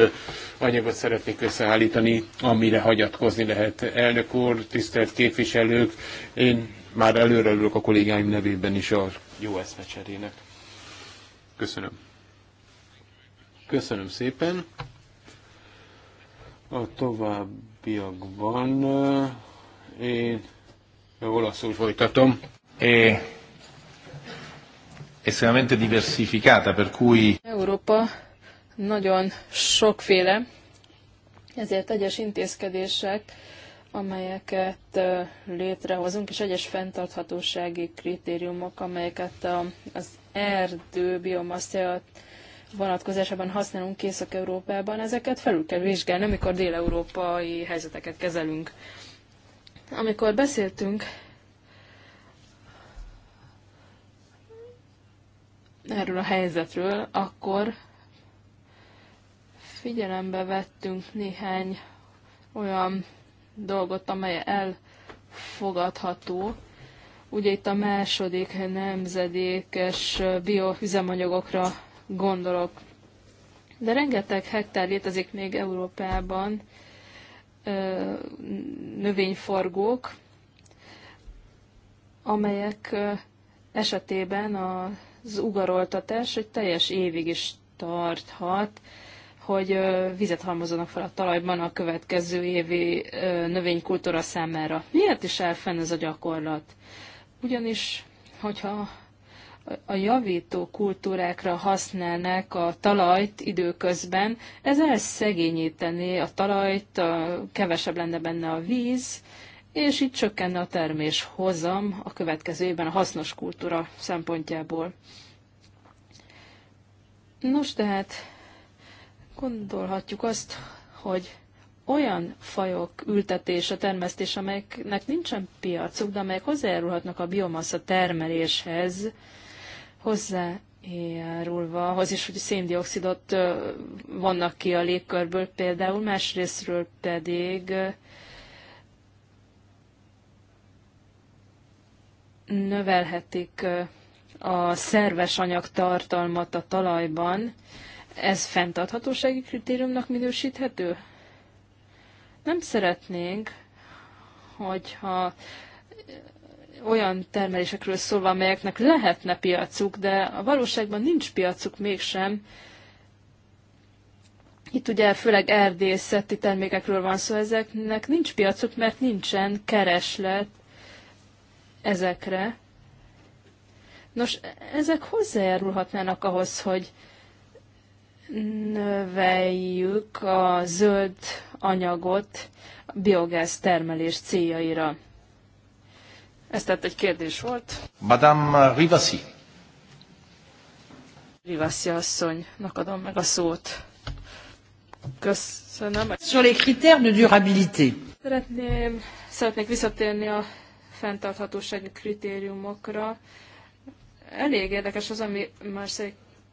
anyagot szeretnék összeállítani, amire hagyatkozni lehet. Elnök úr, tisztelt képviselők, én már előre örülök a kollégáim nevében is a jó eszmecserének. Köszönöm. Köszönöm szépen. A továbbiakban eh, én olaszul folytatom. É, estremamente diversificata, per cui... Európa nagyon sokféle, ezért egyes intézkedések, amelyeket eh, létrehozunk, és egyes fenntarthatósági kritériumok, amelyeket az erdő biomasszát vonatkozásában használunk Észak-Európában, ezeket felül kell vizsgálni, amikor dél-európai helyzeteket kezelünk. Amikor beszéltünk erről a helyzetről, akkor figyelembe vettünk néhány olyan dolgot, amely elfogadható. Ugye itt a második nemzedékes bioüzemanyagokra gondolok. De rengeteg hektár létezik még Európában, növényforgók, amelyek esetében az ugaroltatás egy teljes évig is tarthat, hogy vizet halmozanak fel a talajban a következő évi növénykultúra számára. Miért is áll fenn ez a gyakorlat? Ugyanis, hogyha a javító kultúrákra használnák a talajt időközben, ez elszegényítené a talajt, a, kevesebb lenne benne a víz, és így csökkenne a termés hozam a következő évben a hasznos kultúra szempontjából. Nos, tehát gondolhatjuk azt, hogy olyan fajok ültetése, termesztés, amelyeknek nincsen piacuk, de amelyek hozzájárulhatnak a biomassa termeléshez, hozzájárulva ahhoz is, hogy széndiokszidot vannak ki a légkörből például, másrésztről pedig növelhetik a szerves anyag tartalmat a talajban, ez fenntarthatósági kritériumnak minősíthető? Nem szeretnénk, hogyha olyan termelésekről szólva amelyeknek lehetne piacuk, de a valóságban nincs piacuk mégsem. Itt ugye főleg erdészeti termékekről van szó, ezeknek nincs piacuk, mert nincsen kereslet ezekre. Nos, ezek hozzájárulhatnának ahhoz, hogy növeljük a zöld anyagot a biogáz termelés céljaira. Ez tehát egy kérdés volt. Madame Rivasi. Rivasi asszonynak adom meg a szót. Köszönöm. Sur les critères de durabilité. Szeretném, szeretnék visszatérni a fenntarthatósági kritériumokra. Elég érdekes az, ami már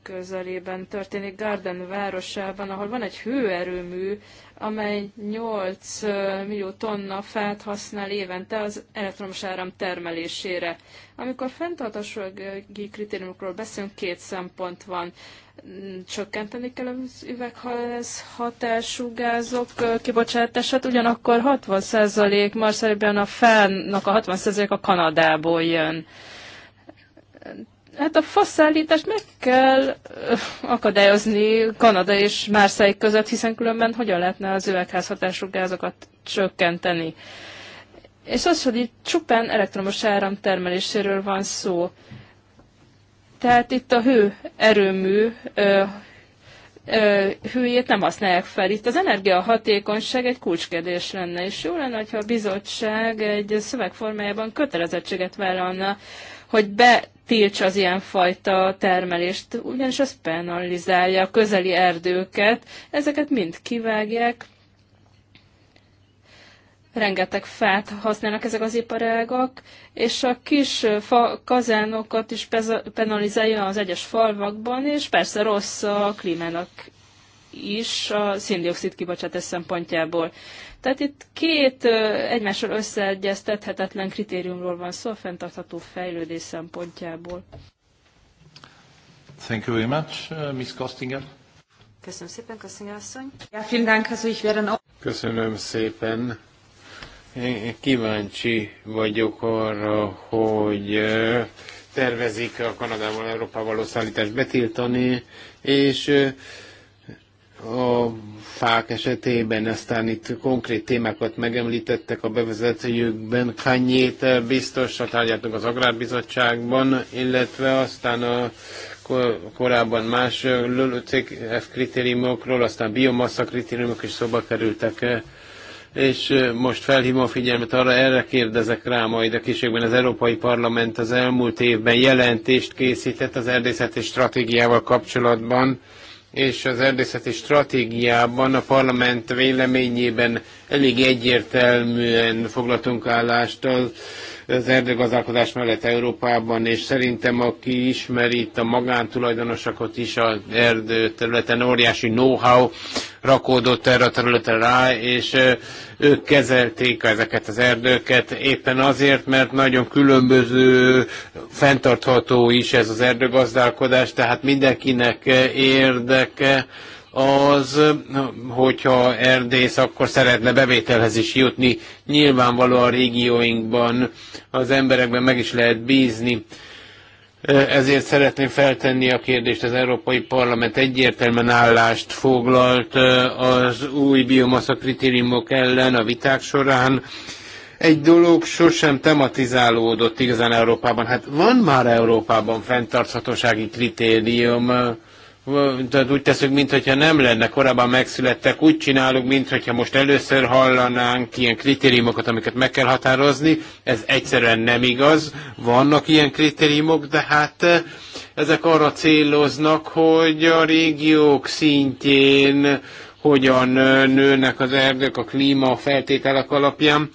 közelében történik Garden városában, ahol van egy hőerőmű, amely 8 millió tonna fát használ évente az elektromos áram termelésére. Amikor fenntartatósági kritériumokról beszélünk, két szempont van. Mm, csökkenteni kell az üvegház hatású gázok kibocsátását, ugyanakkor 60% Marszerben a fának a 60% a Kanadából jön Hát a faszállítást meg kell akadályozni Kanada és Márszáig között, hiszen különben hogyan lehetne az üvegházhatású gázokat csökkenteni. És az, hogy itt csupán elektromos termeléséről van szó. Tehát itt a hő erőmű ö, ö, hőjét nem használják fel. Itt az energiahatékonyság egy kulcskedés lenne, és jó lenne, ha a bizottság egy szövegformájában kötelezettséget vállalna hogy betiltsa az ilyenfajta termelést, ugyanis ez penalizálja a közeli erdőket, ezeket mind kivágják, rengeteg fát használnak ezek az iparágak, és a kis fa, kazánokat is penalizálja az egyes falvakban, és persze rossz a klímának is a szindioxid kibocsátás szempontjából. Tehát itt két egymással összeegyeztethetetlen kritériumról van szó a fenntartható fejlődés szempontjából. Thank you very much, uh, Ms. Kostinger. Köszönöm szépen, Kostinger asszony. Ja, vielen Dank, also ich werde noch... Köszönöm szépen. Én kíváncsi vagyok arra, hogy tervezik a Kanadával, Európával szállítást betiltani, és uh, a fák esetében, aztán itt konkrét témákat megemlítettek a bevezetőjükben. Kanyét a tárgyaltunk az Agrárbizottságban, illetve aztán a korábban más LULCF kritériumokról, aztán biomassa kritériumok is szóba kerültek és most felhívom a figyelmet arra, erre kérdezek rá majd a kiségben. az Európai Parlament az elmúlt évben jelentést készített az erdészeti stratégiával kapcsolatban, és az erdészeti stratégiában, a parlament véleményében elég egyértelműen foglaltunk állást az az erdőgazdálkodás mellett Európában, és szerintem aki ismeri itt a magántulajdonosokat is az erdő területen, óriási know-how rakódott erre a területre rá, és ők kezelték ezeket az erdőket, éppen azért, mert nagyon különböző, fenntartható is ez az erdőgazdálkodás, tehát mindenkinek érdeke, az, hogyha erdész, akkor szeretne bevételhez is jutni. Nyilvánvaló a régióinkban az emberekben meg is lehet bízni. Ezért szeretném feltenni a kérdést, az Európai Parlament egyértelműen állást foglalt az új biomasza kritériumok ellen a viták során. Egy dolog sosem tematizálódott igazán Európában. Hát van már Európában fenntarthatósági kritérium, tehát úgy teszünk, mintha nem lenne, korábban megszülettek, úgy csinálunk, mintha most először hallanánk ilyen kritériumokat, amiket meg kell határozni. Ez egyszerűen nem igaz. Vannak ilyen kritériumok, de hát eh, ezek arra céloznak, hogy a régiók szintjén hogyan eh, nőnek az erdők a klíma feltételek alapján,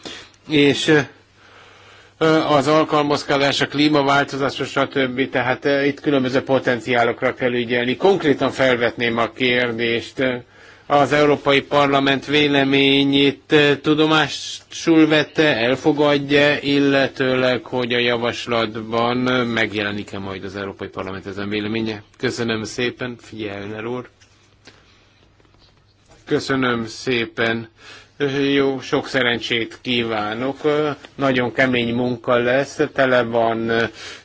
és eh, az alkalmazkodás, a klímaváltozás, stb. Tehát itt különböző potenciálokra kell ügyelni. Konkrétan felvetném a kérdést. Az Európai Parlament véleményét tudomásul vette, elfogadja, illetőleg, hogy a javaslatban megjelenik-e majd az Európai Parlament ezen véleménye. Köszönöm szépen, Figyelner úr. Köszönöm szépen. Jó, sok szerencsét kívánok. Nagyon kemény munka lesz, tele van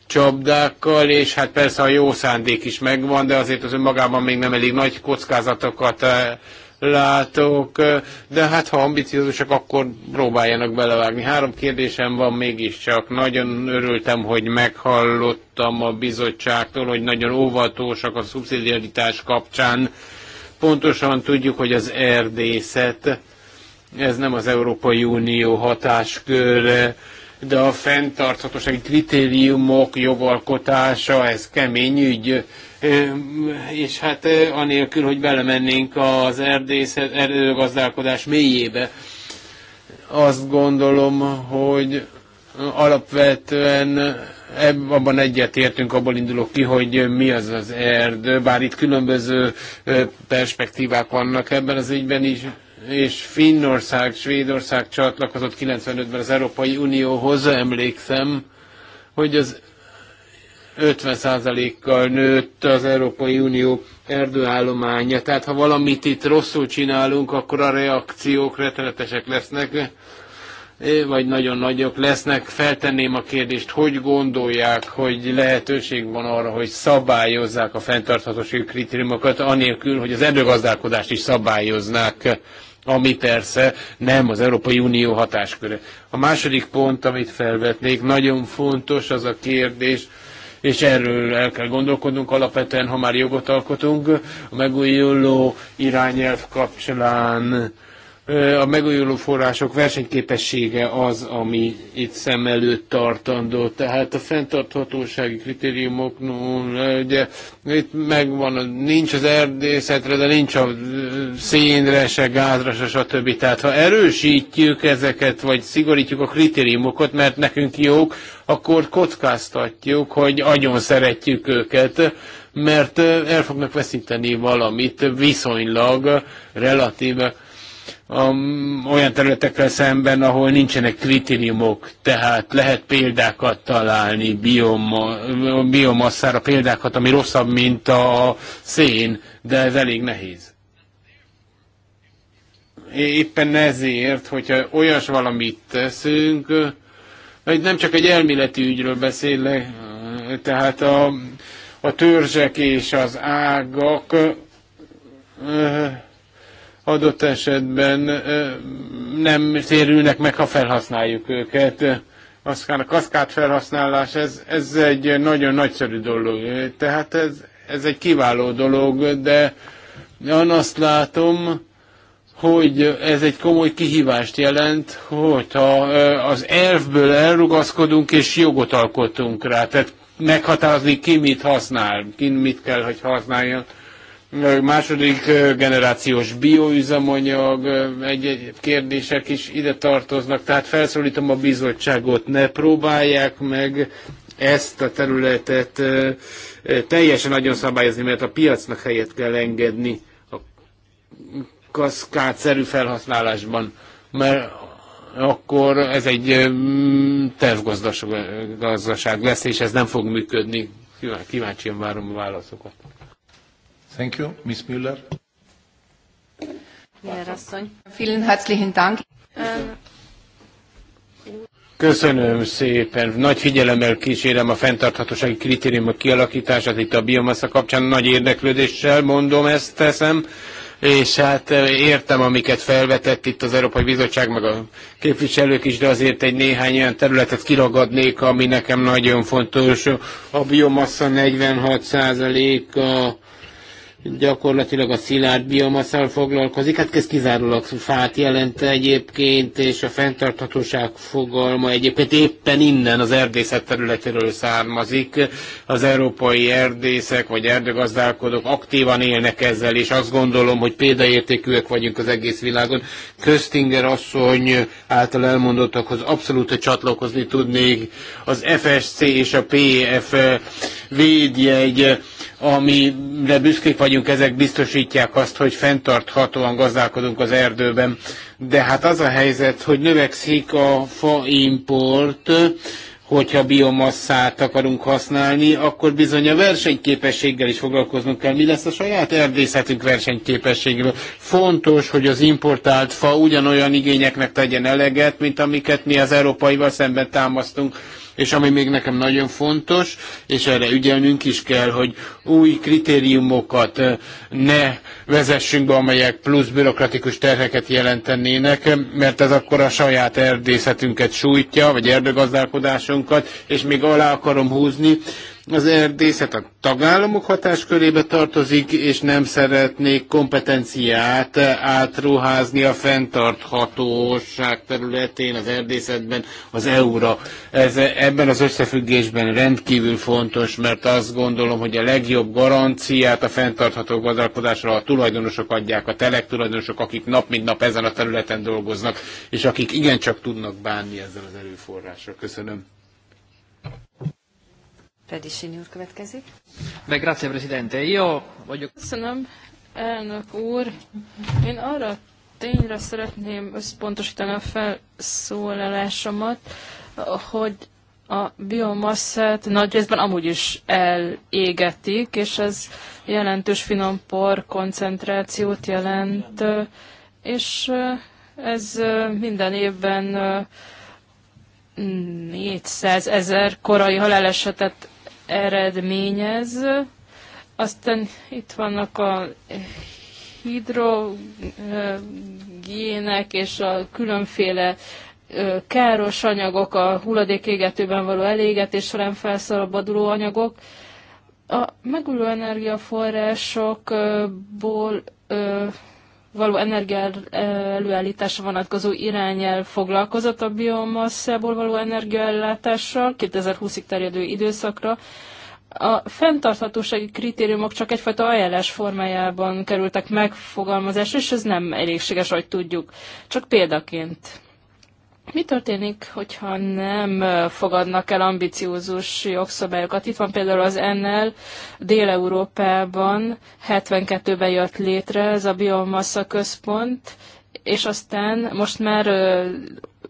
csapdákkal, és hát persze a jó szándék is megvan, de azért az önmagában még nem elég nagy kockázatokat eh, látok, de hát ha ambiciózusak, akkor próbáljanak belevágni. Három kérdésem van mégiscsak. Nagyon örültem, hogy meghallottam a bizottságtól, hogy nagyon óvatosak a szubszidiaritás kapcsán. Pontosan tudjuk, hogy az erdészet ez nem az Európai Unió hatásköre, de a fenntarthatósági kritériumok jogalkotása, ez kemény ügy. És hát anélkül, hogy belemennénk az erdészet, erdőgazdálkodás mélyébe, azt gondolom, hogy alapvetően ebb, abban egyetértünk, abból indulok ki, hogy mi az az erdő, bár itt különböző perspektívák vannak ebben az ügyben is, és Finnország, Svédország csatlakozott 95-ben az Európai Unióhoz, emlékszem, hogy az 50%-kal nőtt az Európai Unió erdőállománya. Tehát ha valamit itt rosszul csinálunk, akkor a reakciók rettenetesek lesznek, eh, vagy nagyon nagyok lesznek. Feltenném a kérdést, hogy gondolják, hogy lehetőség van arra, hogy szabályozzák a fenntarthatósági kritériumokat, anélkül, hogy az erdőgazdálkodást is szabályoznák ami persze nem az Európai Unió hatásköre. A második pont, amit felvetnék, nagyon fontos az a kérdés, és erről el kell gondolkodnunk alapvetően, ha már jogot alkotunk, a megújuló irányelv kapcsolán a megújuló források versenyképessége az, ami itt szem előtt tartandó. Tehát a fenntarthatósági kritériumok, ugye itt megvan, nincs az erdészetre, de nincs a szénre, se gázra, se stb. Tehát ha erősítjük ezeket, vagy szigorítjuk a kritériumokat, mert nekünk jók, akkor kockáztatjuk, hogy agyon szeretjük őket, mert el fognak veszíteni valamit viszonylag, relatíve um, olyan területekkel szemben, ahol nincsenek kritériumok, tehát lehet példákat találni bioma, biomasszára, példákat, ami rosszabb, mint a szén, de ez elég nehéz. Éppen ezért, hogyha olyas valamit teszünk, hogy nem csak egy elméleti ügyről beszélek, tehát a, a törzsek és az ágak, adott esetben nem térülnek meg, ha felhasználjuk őket. Aztán a kaszkád felhasználás, ez, ez egy nagyon nagyszerű dolog. Tehát ez, ez egy kiváló dolog, de azt látom, hogy ez egy komoly kihívást jelent, hogyha az elfből elrugaszkodunk és jogot alkotunk rá. Tehát meghatározni, ki mit használ, ki mit kell, hogy használjon második generációs bioüzemanyag, egy, egy kérdések is ide tartoznak, tehát felszólítom a bizottságot, ne próbálják meg ezt a területet teljesen nagyon szabályozni, mert a piacnak helyet kell engedni a kaszkádszerű felhasználásban, mert akkor ez egy tervgazdaság lesz, és ez nem fog működni. Kíváncsian várom a válaszokat. Thank you, Miss Müller. Vielen herzlichen Dank. Köszönöm szépen. Nagy figyelemmel kísérem a fenntarthatósági kritériumok kialakítását itt a biomassa kapcsán. Nagy érdeklődéssel mondom ezt teszem és hát eh, értem, amiket felvetett itt az Európai Bizottság, meg a képviselők is, de azért egy néhány olyan területet kiragadnék, ami nekem nagyon fontos. A biomassa 46%-a gyakorlatilag a szilárd biomasszal foglalkozik, hát ez kizárólag fát jelent egyébként, és a fenntarthatóság fogalma egyébként éppen innen az erdészet területéről származik. Az európai erdészek vagy erdőgazdálkodók aktívan élnek ezzel, és azt gondolom, hogy példaértékűek vagyunk az egész világon. Köztinger asszony által elmondottakhoz abszolút csatlakozni tudnék. Az FSC és a PF védjegy amire büszkék vagyunk, ezek biztosítják azt, hogy fenntarthatóan gazdálkodunk az erdőben. De hát az a helyzet, hogy növekszik a faimport, hogyha biomasszát akarunk használni, akkor bizony a versenyképességgel is foglalkoznunk kell. Mi lesz a saját erdészetünk versenyképességével? Fontos, hogy az importált fa ugyanolyan igényeknek tegyen eleget, mint amiket mi az európaival szemben támasztunk. És ami még nekem nagyon fontos, és erre ügyelnünk is kell, hogy új kritériumokat eh, ne vezessünk be, amelyek plusz bürokratikus terheket jelentenének, mert ez akkor a saját erdészetünket sújtja, vagy erdőgazdálkodásunkat, és még alá akarom húzni, az erdészet a tagállamok hatáskörébe tartozik, és nem szeretnék kompetenciát átruházni a fenntarthatóság területén az erdészetben az EU-ra. Ez, ebben az összefüggésben rendkívül fontos, mert azt gondolom, hogy a legjobb garanciát a fenntartható gazdálkodásra a tulajdonosok adják, a tulajdonosok, akik nap mint nap ezen a területen dolgoznak, és akik igencsak tudnak bánni ezzel az erőforrással. Köszönöm. Pedisini úr következik. grazie, Presidente. Köszönöm, elnök úr. Én arra tényre szeretném összpontosítani a felszólalásomat, hogy a biomasszát nagy részben amúgy is elégetik, és ez jelentős finom por koncentrációt jelent, és ez minden évben 400 ezer korai halálesetet eredményez. Aztán itt vannak a hidrogének és a különféle káros anyagok, a hulladékégetőben való elégetés során felszabaduló anyagok. A megújuló energiaforrásokból való energia előállítása vonatkozó irányel foglalkozott a biomasszából való energiaellátással 2020-ig terjedő időszakra. A fenntarthatósági kritériumok csak egyfajta ajánlás formájában kerültek megfogalmazásra, és ez nem elégséges, ahogy tudjuk. Csak példaként mi történik, hogyha nem fogadnak el ambiciózus jogszabályokat? Itt van például az NL Dél-Európában 72-ben jött létre ez a biomassa központ, és aztán most már ö,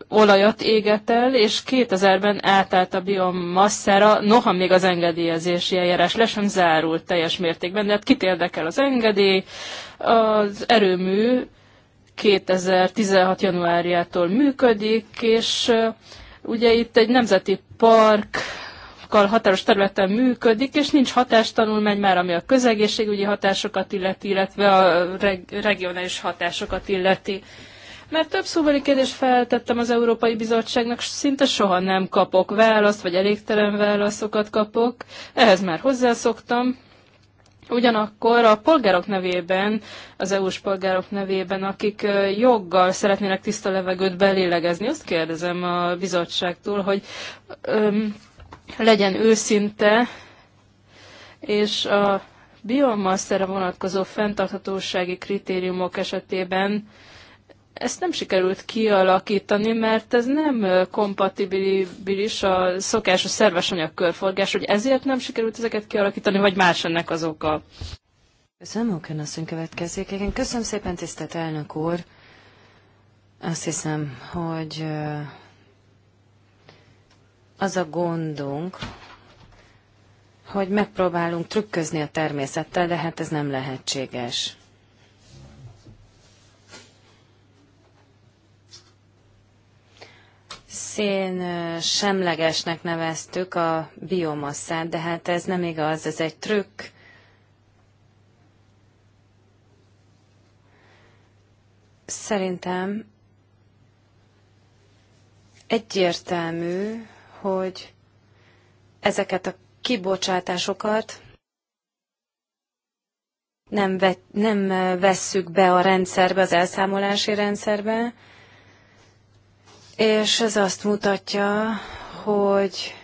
olajat éget el, és 2000-ben átállt a biomasszára, noha még az engedélyezési eljárás le sem zárult teljes mértékben, de hát kit érdekel az engedély, az erőmű 2016. januárjától működik, és ugye itt egy nemzeti park határos területen működik, és nincs hatástanulmány már, ami a közegészségügyi hatásokat illeti, illetve a reg- regionális hatásokat illeti. Mert több szóbeli kérdést feltettem az Európai Bizottságnak, szinte soha nem kapok választ, vagy elégtelen válaszokat kapok. Ehhez már hozzászoktam. Ugyanakkor a polgárok nevében, az EU-s polgárok nevében, akik joggal szeretnének tiszta levegőt belélegezni, azt kérdezem a bizottságtól, hogy öm, legyen őszinte, és a biomasszára vonatkozó fenntarthatósági kritériumok esetében ezt nem sikerült kialakítani, mert ez nem kompatibilis a szokásos szerves anyagkörforgás, hogy ezért nem sikerült ezeket kialakítani, vagy más ennek az oka. Köszönöm, Oken a következik. Igen, köszönöm szépen, tisztelt elnök úr. Azt hiszem, hogy az a gondunk, hogy megpróbálunk trükközni a természettel, de hát ez nem lehetséges. szén semlegesnek neveztük a biomasszát, de hát ez nem igaz, ez egy trükk. Szerintem egyértelmű, hogy ezeket a kibocsátásokat nem, vet, nem vesszük be a rendszerbe, az elszámolási rendszerbe, és ez azt mutatja, hogy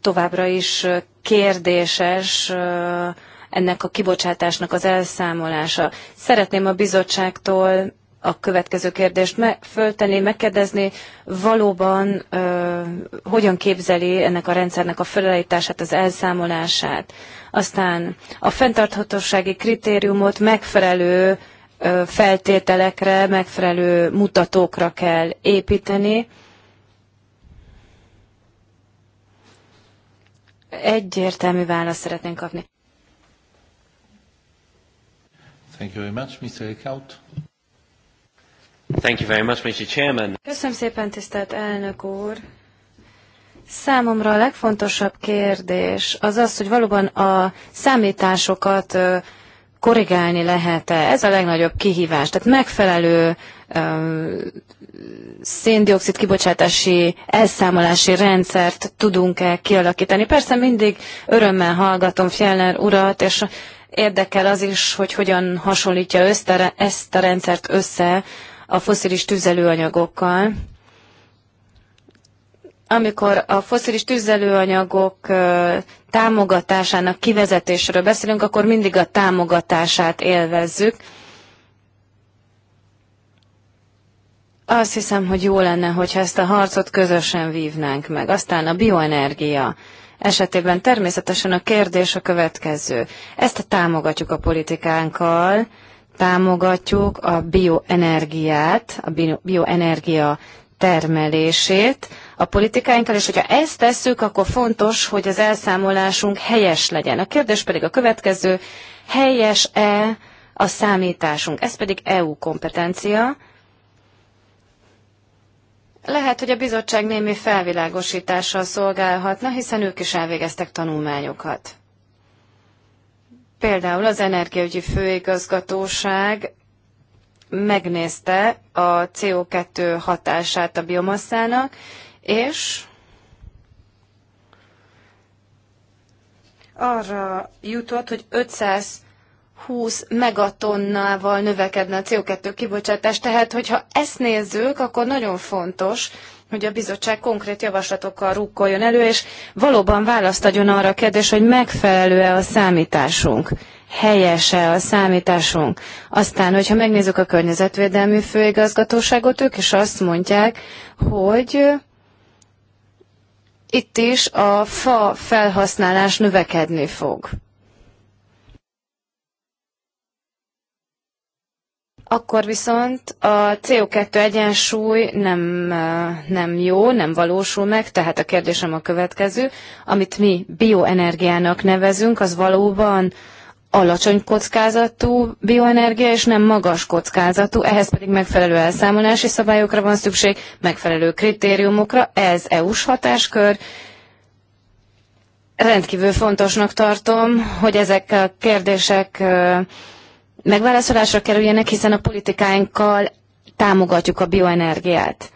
továbbra is kérdéses ennek a kibocsátásnak az elszámolása. Szeretném a bizottságtól a következő kérdést me- föltenni, megkérdezni, valóban ö, hogyan képzeli ennek a rendszernek a felállítását, az elszámolását. Aztán a fenntarthatósági kritériumot megfelelő feltételekre, megfelelő mutatókra kell építeni. Egyértelmű választ szeretnénk kapni. Thank you very much, Mr. Eckhout. Thank you very much, Mr. Chairman. Köszönöm szépen, tisztelt elnök úr. Számomra a legfontosabb kérdés az az, hogy valóban a számításokat korrigálni lehet-e? Ez a legnagyobb kihívás. Tehát megfelelő um, széndiokszid kibocsátási elszámolási rendszert tudunk-e kialakítani. Persze mindig örömmel hallgatom Fjellner urat, és érdekel az is, hogy hogyan hasonlítja ezt a rendszert össze a foszilis tüzelőanyagokkal amikor a foszilis tüzelőanyagok támogatásának kivezetéséről beszélünk, akkor mindig a támogatását élvezzük. Azt hiszem, hogy jó lenne, hogyha ezt a harcot közösen vívnánk meg. Aztán a bioenergia esetében természetesen a kérdés a következő. Ezt támogatjuk a politikánkkal, támogatjuk a bioenergiát, a bioenergia termelését, a politikáinkkal, és hogyha ezt tesszük, akkor fontos, hogy az elszámolásunk helyes legyen. A kérdés pedig a következő, helyes-e a számításunk? Ez pedig EU kompetencia. Lehet, hogy a bizottság némi felvilágosítással szolgálhatna, hiszen ők is elvégeztek tanulmányokat. Például az Energiaügyi Főigazgatóság megnézte a CO2 hatását a biomasszának, és arra jutott, hogy 520 megatonnával növekedne a CO2 kibocsátás. Tehát, hogyha ezt nézzük, akkor nagyon fontos, hogy a bizottság konkrét javaslatokkal rukkoljon elő, és valóban választ adjon arra a kérdés, hogy megfelelő-e a számításunk, helyese a számításunk. Aztán, hogyha megnézzük a környezetvédelmi főigazgatóságot, ők is azt mondják, hogy itt is a fa felhasználás növekedni fog. Akkor viszont a CO2 egyensúly nem, nem jó, nem valósul meg, tehát a kérdésem a következő. Amit mi bioenergiának nevezünk, az valóban alacsony kockázatú bioenergia, és nem magas kockázatú, ehhez pedig megfelelő elszámolási szabályokra van szükség, megfelelő kritériumokra, ez EU-s hatáskör. Rendkívül fontosnak tartom, hogy ezek a kérdések megválaszolásra kerüljenek, hiszen a politikáinkkal támogatjuk a bioenergiát.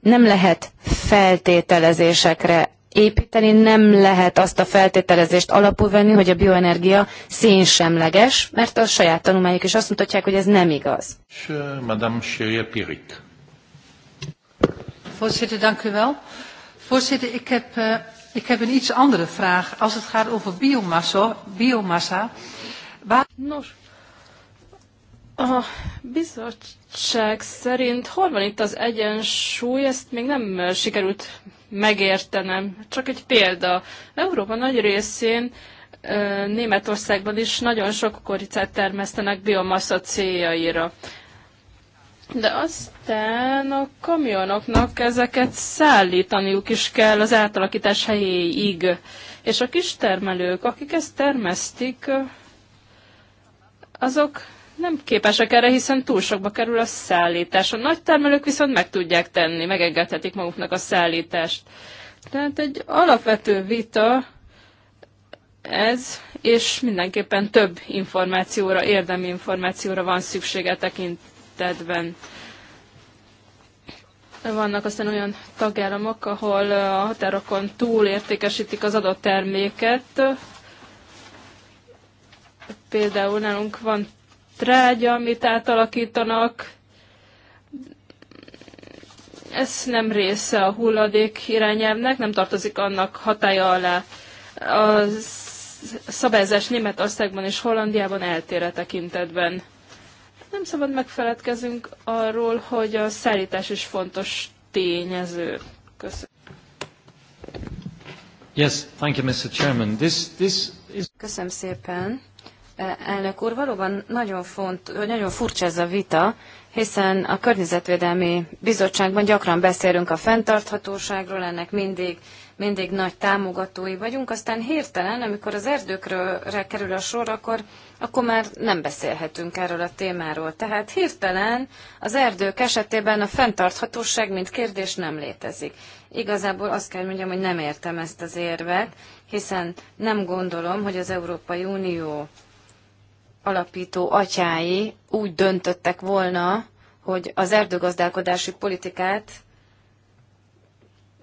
Nem lehet feltételezésekre építeni, nem lehet azt a feltételezést alapul venni, hogy a bioenergia szénsemleges, mert a saját tanulmányok is azt mutatják, hogy ez nem igaz. És eh, Madame Sérje Pirik. Voorzitter, dank u wel. Voorzitter, ik heb, uh, ik heb een iets andere vraag. Als het gaat over biomassa, biomassa waar... Nos, a bizottság szerint hol van itt az egyensúly? Ezt még nem eh, sikerült megértenem. Csak egy példa. Európa nagy részén Németországban is nagyon sok koricát termesztenek biomassa céljaira. De aztán a kamionoknak ezeket szállítaniuk is kell az átalakítás helyéig. És a kis termelők, akik ezt termesztik, azok nem képesek erre, hiszen túl sokba kerül a szállítás. A nagy termelők viszont meg tudják tenni, megengedhetik maguknak a szállítást. Tehát egy alapvető vita ez, és mindenképpen több információra, érdemi információra van szüksége tekintetben. Vannak aztán olyan tagállamok, ahol a határokon túl értékesítik az adott terméket. Például nálunk van trágya, amit átalakítanak. Ez nem része a hulladék irányelvnek, nem tartozik annak hatája alá. A szabályozás Németországban és Hollandiában eltér a e tekintetben. Nem szabad megfeledkezünk arról, hogy a szállítás is fontos tényező. Köszönöm. Yes, thank you, Mr. Chairman. This, this is... Köszönöm szépen elnök úr. Valóban nagyon, font, nagyon furcsa ez a vita, hiszen a Környezetvédelmi Bizottságban gyakran beszélünk a fenntarthatóságról, ennek mindig, mindig nagy támogatói vagyunk, aztán hirtelen, amikor az erdőkre kerül a sor, akkor, akkor már nem beszélhetünk erről a témáról. Tehát hirtelen az erdők esetében a fenntarthatóság, mint kérdés nem létezik. Igazából azt kell mondjam, hogy nem értem ezt az érvet, hiszen nem gondolom, hogy az Európai Unió alapító atyái úgy döntöttek volna, hogy az erdőgazdálkodási politikát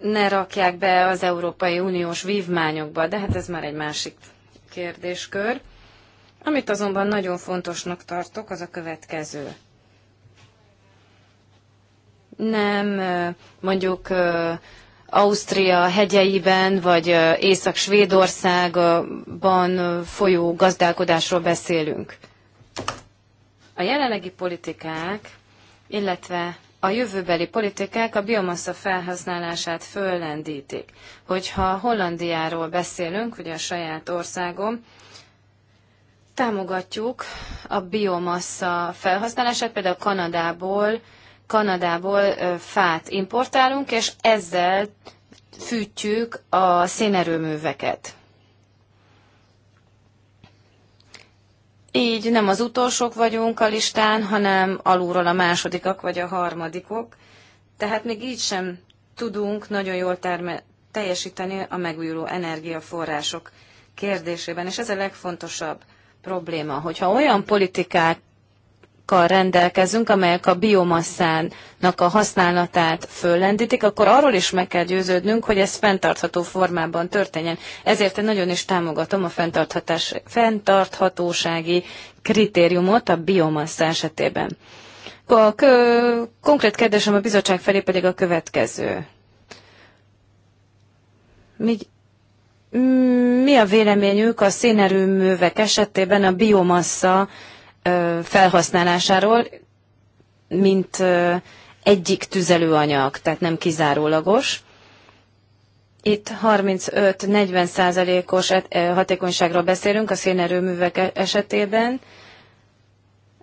ne rakják be az Európai Uniós vívmányokba, de hát ez már egy másik kérdéskör. Amit azonban nagyon fontosnak tartok, az a következő. Nem mondjuk Ausztria hegyeiben, vagy Észak-Svédországban folyó gazdálkodásról beszélünk. A jelenlegi politikák, illetve a jövőbeli politikák a biomassa felhasználását föllendítik. Hogyha Hollandiáról beszélünk, ugye a saját országom, támogatjuk a biomassa felhasználását, például Kanadából Kanadából fát importálunk, és ezzel fűtjük a szénerőműveket. Így nem az utolsók vagyunk a listán, hanem alulról a másodikak vagy a harmadikok. Tehát még így sem tudunk nagyon jól terme- teljesíteni a megújuló energiaforrások kérdésében. És ez a legfontosabb probléma, hogyha olyan politikát adatokkal rendelkezünk, amelyek a biomasszának a használatát föllendítik, akkor arról is meg kell győződnünk, hogy ez fenntartható formában történjen. Ezért én nagyon is támogatom a fenntarthatósági kritériumot a biomassza esetében. A konkrét kérdésem a bizottság felé pedig a következő. Mi, mi a véleményük a szénerőművek esetében a biomassa felhasználásáról, mint egyik tüzelőanyag, tehát nem kizárólagos. Itt 35-40 százalékos hatékonyságról beszélünk a szénerőművek e-, esetében,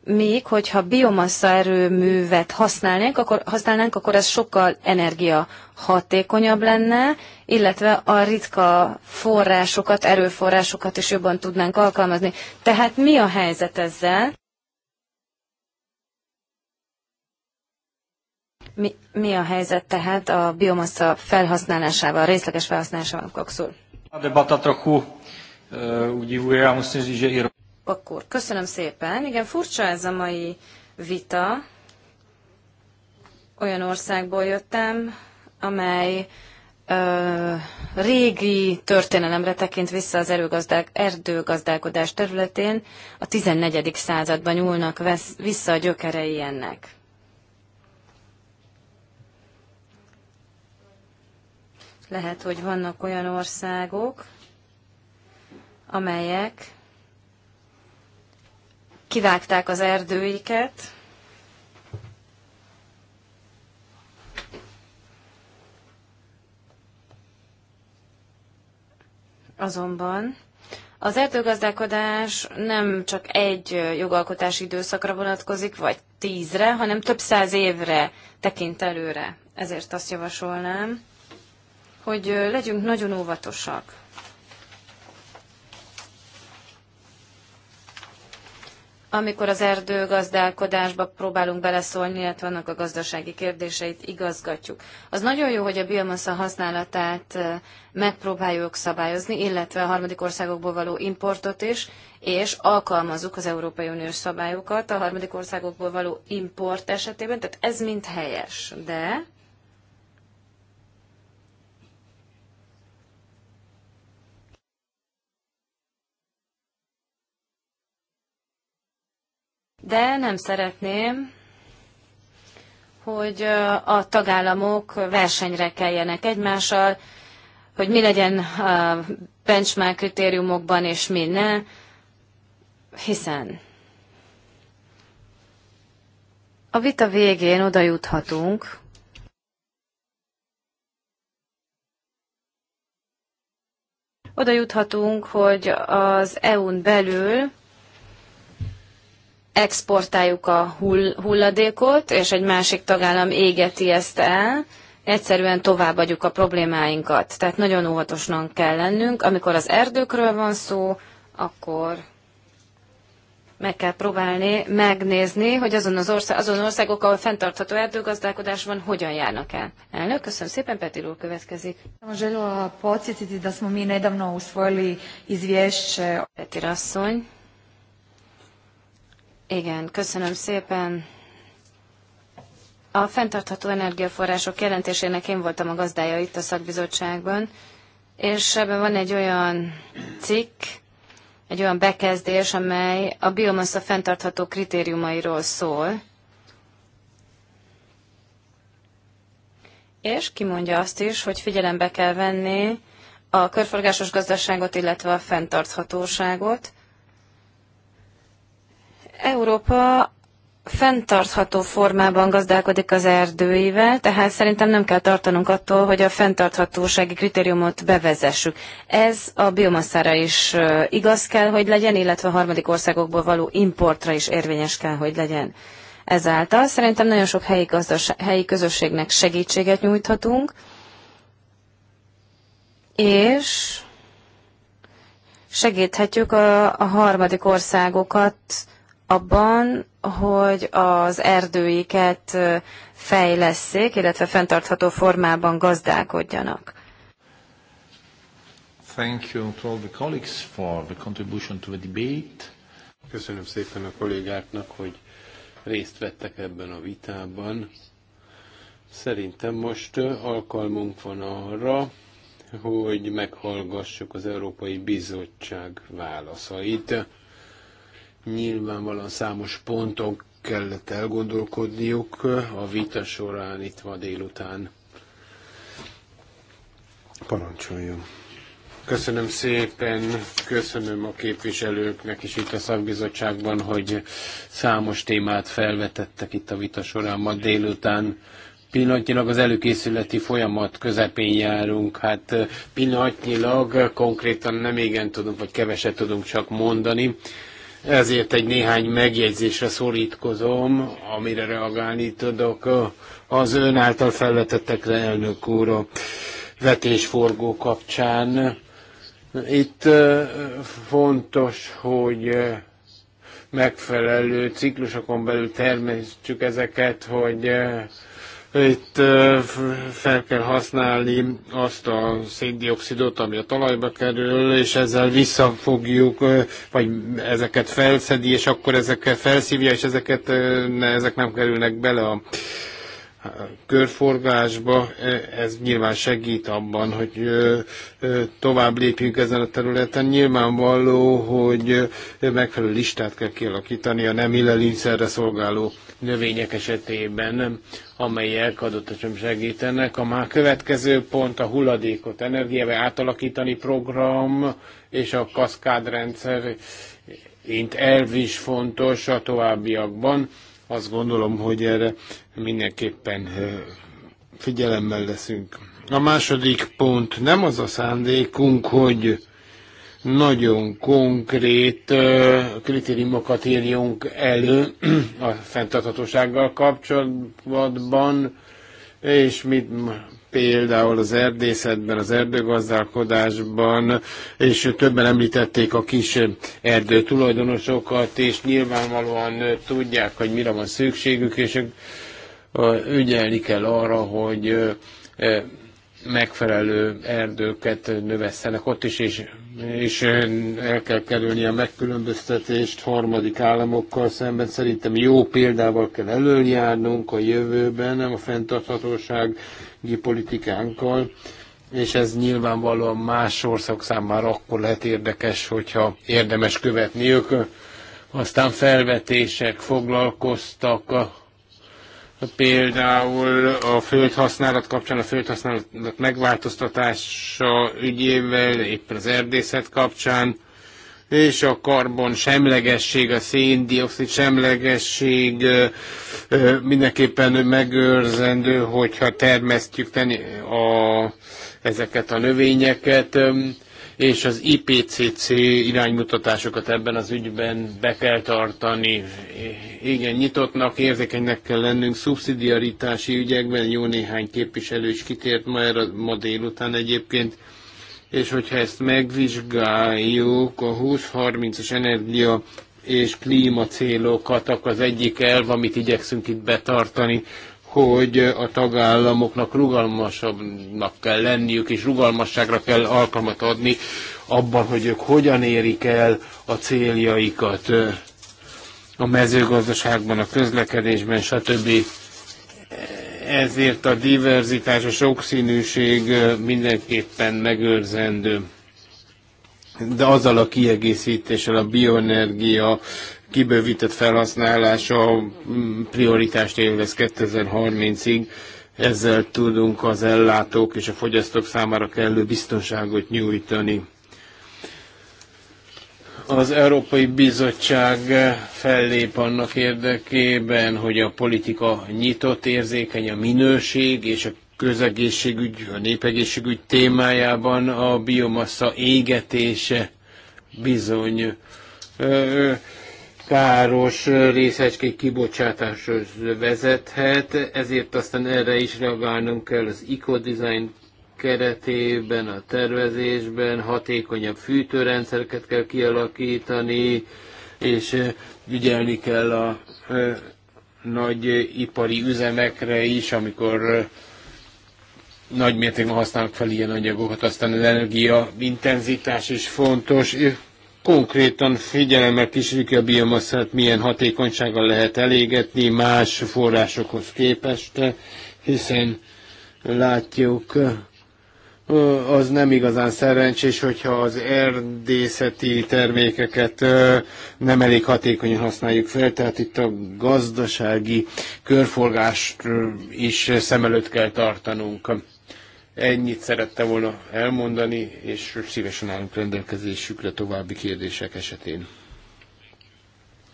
míg hogyha biomassa erőművet használnánk, akkor, használnánk, akkor ez sokkal energia hatékonyabb lenne, illetve a ritka forrásokat, erőforrásokat is jobban tudnánk alkalmazni. Tehát mi a helyzet ezzel? Mi, mi a helyzet tehát a biomassa felhasználásával, a részleges felhasználásával, Kokszul? A debata trochu udivuje, a musím říct, že Akkor köszönöm szépen. Igen, furcsa ez a mai vita. Olyan országból jöttem, amely régi történelemre tekint vissza az erőgazdák, erdőgazdálkodás területén, a 14. században nyúlnak vesz, vissza a gyökerei ennek. Lehet, hogy vannak olyan országok, amelyek kivágták az erdőiket, Azonban az erdőgazdálkodás nem csak egy jogalkotási időszakra vonatkozik, vagy tízre, hanem több száz évre tekint előre. Ezért azt javasolnám, hogy legyünk nagyon óvatosak amikor az erdőgazdálkodásba próbálunk beleszólni, illetve annak a gazdasági kérdéseit igazgatjuk. Az nagyon jó, hogy a biomassa használatát megpróbáljuk szabályozni, illetve a harmadik országokból való importot is, és alkalmazzuk az Európai Uniós szabályokat a harmadik országokból való import esetében, tehát ez mind helyes, de de nem szeretném, hogy a tagállamok versenyre keljenek egymással, hogy mi legyen a benchmark kritériumokban, és mi ne, hiszen a vita végén oda juthatunk, oda juthatunk, hogy az EU-n belül exportáljuk a hull, hulladékot, és egy másik tagállam égeti ezt el, egyszerűen továbbadjuk a problémáinkat. Tehát nagyon óvatosnak kell lennünk. Amikor az erdőkről van szó, akkor meg kell próbálni megnézni, hogy azon, az ország, azon országok, ahol fenntartható erdőgazdálkodás van, hogyan járnak el. Elnök, köszönöm szépen, Petir úr következik. Željela podsjetiti mi Petir asszony. Igen, köszönöm szépen. A fenntartható energiaforrások jelentésének én voltam a gazdája itt a szakbizottságban, és ebben van egy olyan cikk, egy olyan bekezdés, amely a biomassa fenntartható kritériumairól szól, és kimondja azt is, hogy figyelembe kell venni a körforgásos gazdaságot, illetve a fenntarthatóságot, Európa fenntartható formában gazdálkodik az erdőivel, tehát szerintem nem kell tartanunk attól, hogy a fenntarthatósági kritériumot bevezessük. Ez a biomaszára is igaz kell, hogy legyen, illetve a harmadik országokból való importra is érvényes kell, hogy legyen. Ezáltal szerintem nagyon sok helyi, gazdas- helyi közösségnek segítséget nyújthatunk, és segíthetjük a, a harmadik országokat, abban, hogy az erdőiket fejlesszék, illetve fenntartható formában gazdálkodjanak. Thank you to all the colleagues for the contribution to the debate. Köszönöm szépen a kollégáknak, hogy részt vettek ebben a vitában. Szerintem most alkalmunk van arra, hogy meghallgassuk az Európai Bizottság válaszait. Nyilvánvalóan számos ponton kellett elgondolkodniuk a vita során itt ma délután. Parancsoljon! Köszönöm szépen, köszönöm a képviselőknek is itt a szakbizottságban, hogy számos témát felvetettek itt a vita során ma délután. Pillanatnyilag az előkészületi folyamat közepén járunk, hát pillanatnyilag konkrétan nem igen tudunk, vagy keveset tudunk csak mondani. Ezért egy néhány megjegyzésre szorítkozom, amire reagálni tudok az ön által felvetettekre, elnök úr, a vetésforgó kapcsán. Itt fontos, hogy megfelelő ciklusokon belül termesztjük ezeket, hogy itt fel kell használni azt a széndiokszidot, ami a talajba kerül, és ezzel visszafogjuk, vagy ezeket felszedi, és akkor ezeket felszívja, és ezeket ne, ezek nem kerülnek bele a körforgásba, e, ez nyilván segít abban, hogy tovább lépjünk ezen a területen. Nyilvánvaló, hogy megfelelő listát kell kialakítani a nem illelínszerre szolgáló növények esetében, amelyek adott esetben segítenek. A már következő pont a hulladékot energiával átalakítani program és a kaszkádrendszer, mint elv is fontos a továbbiakban azt gondolom, hogy erre mindenképpen figyelemmel leszünk. A második pont nem az a szándékunk, hogy nagyon konkrét kritériumokat írjunk elő a fenntarthatósággal kapcsolatban, és mit például az erdészetben, az erdőgazdálkodásban, és többen említették a kis erdő tulajdonosokat, és nyilvánvalóan tudják, hogy mire van szükségük, és ügyelni kell arra, hogy megfelelő erdőket növesztenek ott is, és, és el kell kerülni a megkülönböztetést harmadik államokkal szemben. Szerintem jó példával kell előjárnunk a jövőben, nem a fenntarthatóság politikánkkal, és ez nyilvánvalóan más ország számára akkor lehet érdekes, hogyha érdemes követni ők. Aztán felvetések foglalkoztak a Például a földhasználat kapcsán, a földhasználat megváltoztatása ügyével, éppen az erdészet kapcsán, és a karbon semlegesség, a széndiokszid semlegesség mindenképpen megőrzendő, hogyha termesztjük tenni a, ezeket a növényeket és az IPCC iránymutatásokat ebben az ügyben be kell tartani. Igen, nyitottnak, érzékenynek kell lennünk szubszidiaritási ügyekben, jó néhány képviselő is kitért ma, erre, ma délután egyébként és hogyha ezt megvizsgáljuk, a 20-30-as energia és klímacélokat, akkor az egyik elv, amit igyekszünk itt betartani, hogy a tagállamoknak rugalmasabbnak kell lenniük, és rugalmasságra kell alkalmat adni abban, hogy ők hogyan érik el a céljaikat a mezőgazdaságban, a közlekedésben, stb ezért a diverzitás, a sokszínűség mindenképpen megőrzendő. De azzal a kiegészítéssel a bioenergia kibővített felhasználása mm, prioritást élvez 2030-ig. Ezzel tudunk az ellátók és a fogyasztók számára kellő biztonságot nyújtani az Európai Bizottság fellép annak érdekében, hogy a politika nyitott, érzékeny, a minőség és a közegészségügy, a népegészségügy témájában a biomassa égetése bizony ö, káros részecskék kibocsátáshoz vezethet, ezért aztán erre is reagálnunk kell az eco-design keretében, a tervezésben hatékonyabb fűtőrendszereket kell kialakítani, és ügyelni kell a nagy ipari üzemekre is, amikor nagy mértékben használnak fel ilyen anyagokat, aztán az energia intenzitás is fontos. Konkrétan figyelemmel kísérjük a biomaszát, milyen hatékonysággal lehet elégetni más forrásokhoz képest, hiszen látjuk, az nem igazán szerencsés, hogyha az erdészeti termékeket nem elég hatékonyan használjuk fel, tehát itt a gazdasági körforgást is szem előtt kell tartanunk. Ennyit szerette volna elmondani, és szívesen állunk rendelkezésükre további kérdések esetén.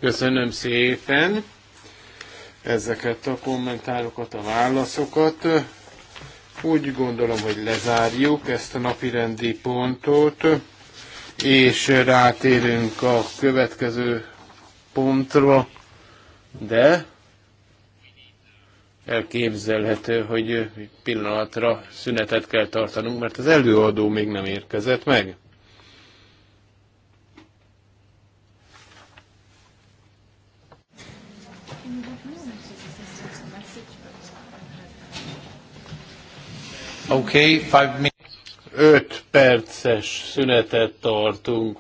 Köszönöm szépen ezeket a kommentárokat, a válaszokat. Úgy gondolom, hogy lezárjuk ezt a napirendi pontot, és rátérünk a következő pontra, de elképzelhető, hogy pillanatra szünetet kell tartanunk, mert az előadó még nem érkezett meg. Okay, five minutes. Öt perces szünetet tartunk.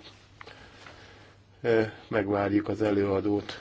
Eh, megvárjuk az előadót.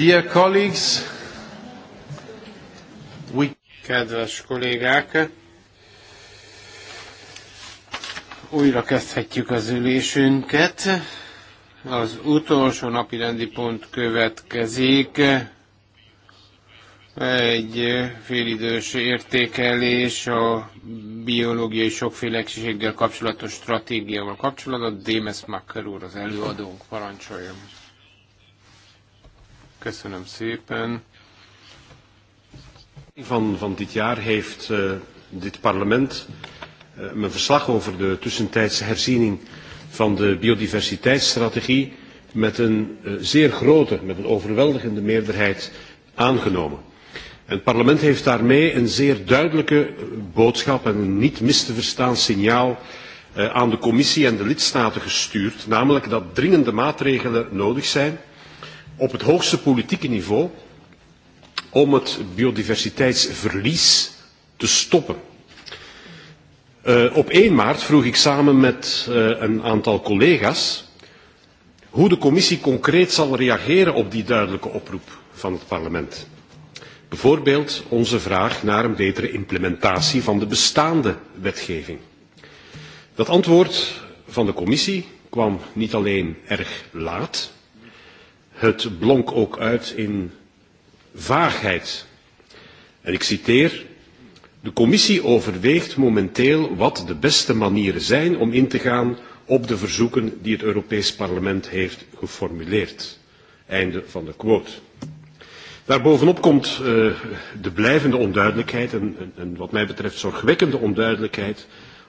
Dear colleagues, we... Kedves kollégák, újra kezdhetjük az ülésünket. Az utolsó napi rendi pont következik. Egy félidős értékelés a biológiai sokféleséggel kapcsolatos stratégiával kapcsolatban. Démes Makker úr az előadónk, parancsoljon. Köszönöm szépen. Van, van dit jaar heeft uh, dit parlement uh, eh, mijn verslag over de tussentijdse herziening van de biodiversiteitsstrategie met een uh, zeer grote, met een overweldigende meerderheid aangenomen. En het parlement heeft daarmee een zeer duidelijke boodschap en een niet mis te verstaan signaal aan de commissie en de lidstaten gestuurd, namelijk dat dringende maatregelen nodig zijn op het hoogste politieke niveau om het biodiversiteitsverlies te stoppen. Uh, op 1 maart vroeg ik samen met uh, een aantal collega's hoe de commissie concreet zal reageren op die duidelijke oproep van het parlement. Bijvoorbeeld onze vraag naar een betere implementatie van de bestaande wetgeving. Dat antwoord van de commissie kwam niet alleen erg laat, Het blonk ook uit in vaagheid. En ik citeer. De commissie overweegt momenteel wat de beste manieren zijn om in te gaan op de verzoeken die het Europees Parlement heeft geformuleerd. Einde van de quote. Daarbovenop komt uh, de blijvende onduidelijkheid en, en, en wat mij betreft zorgwekkende onduidelijkheid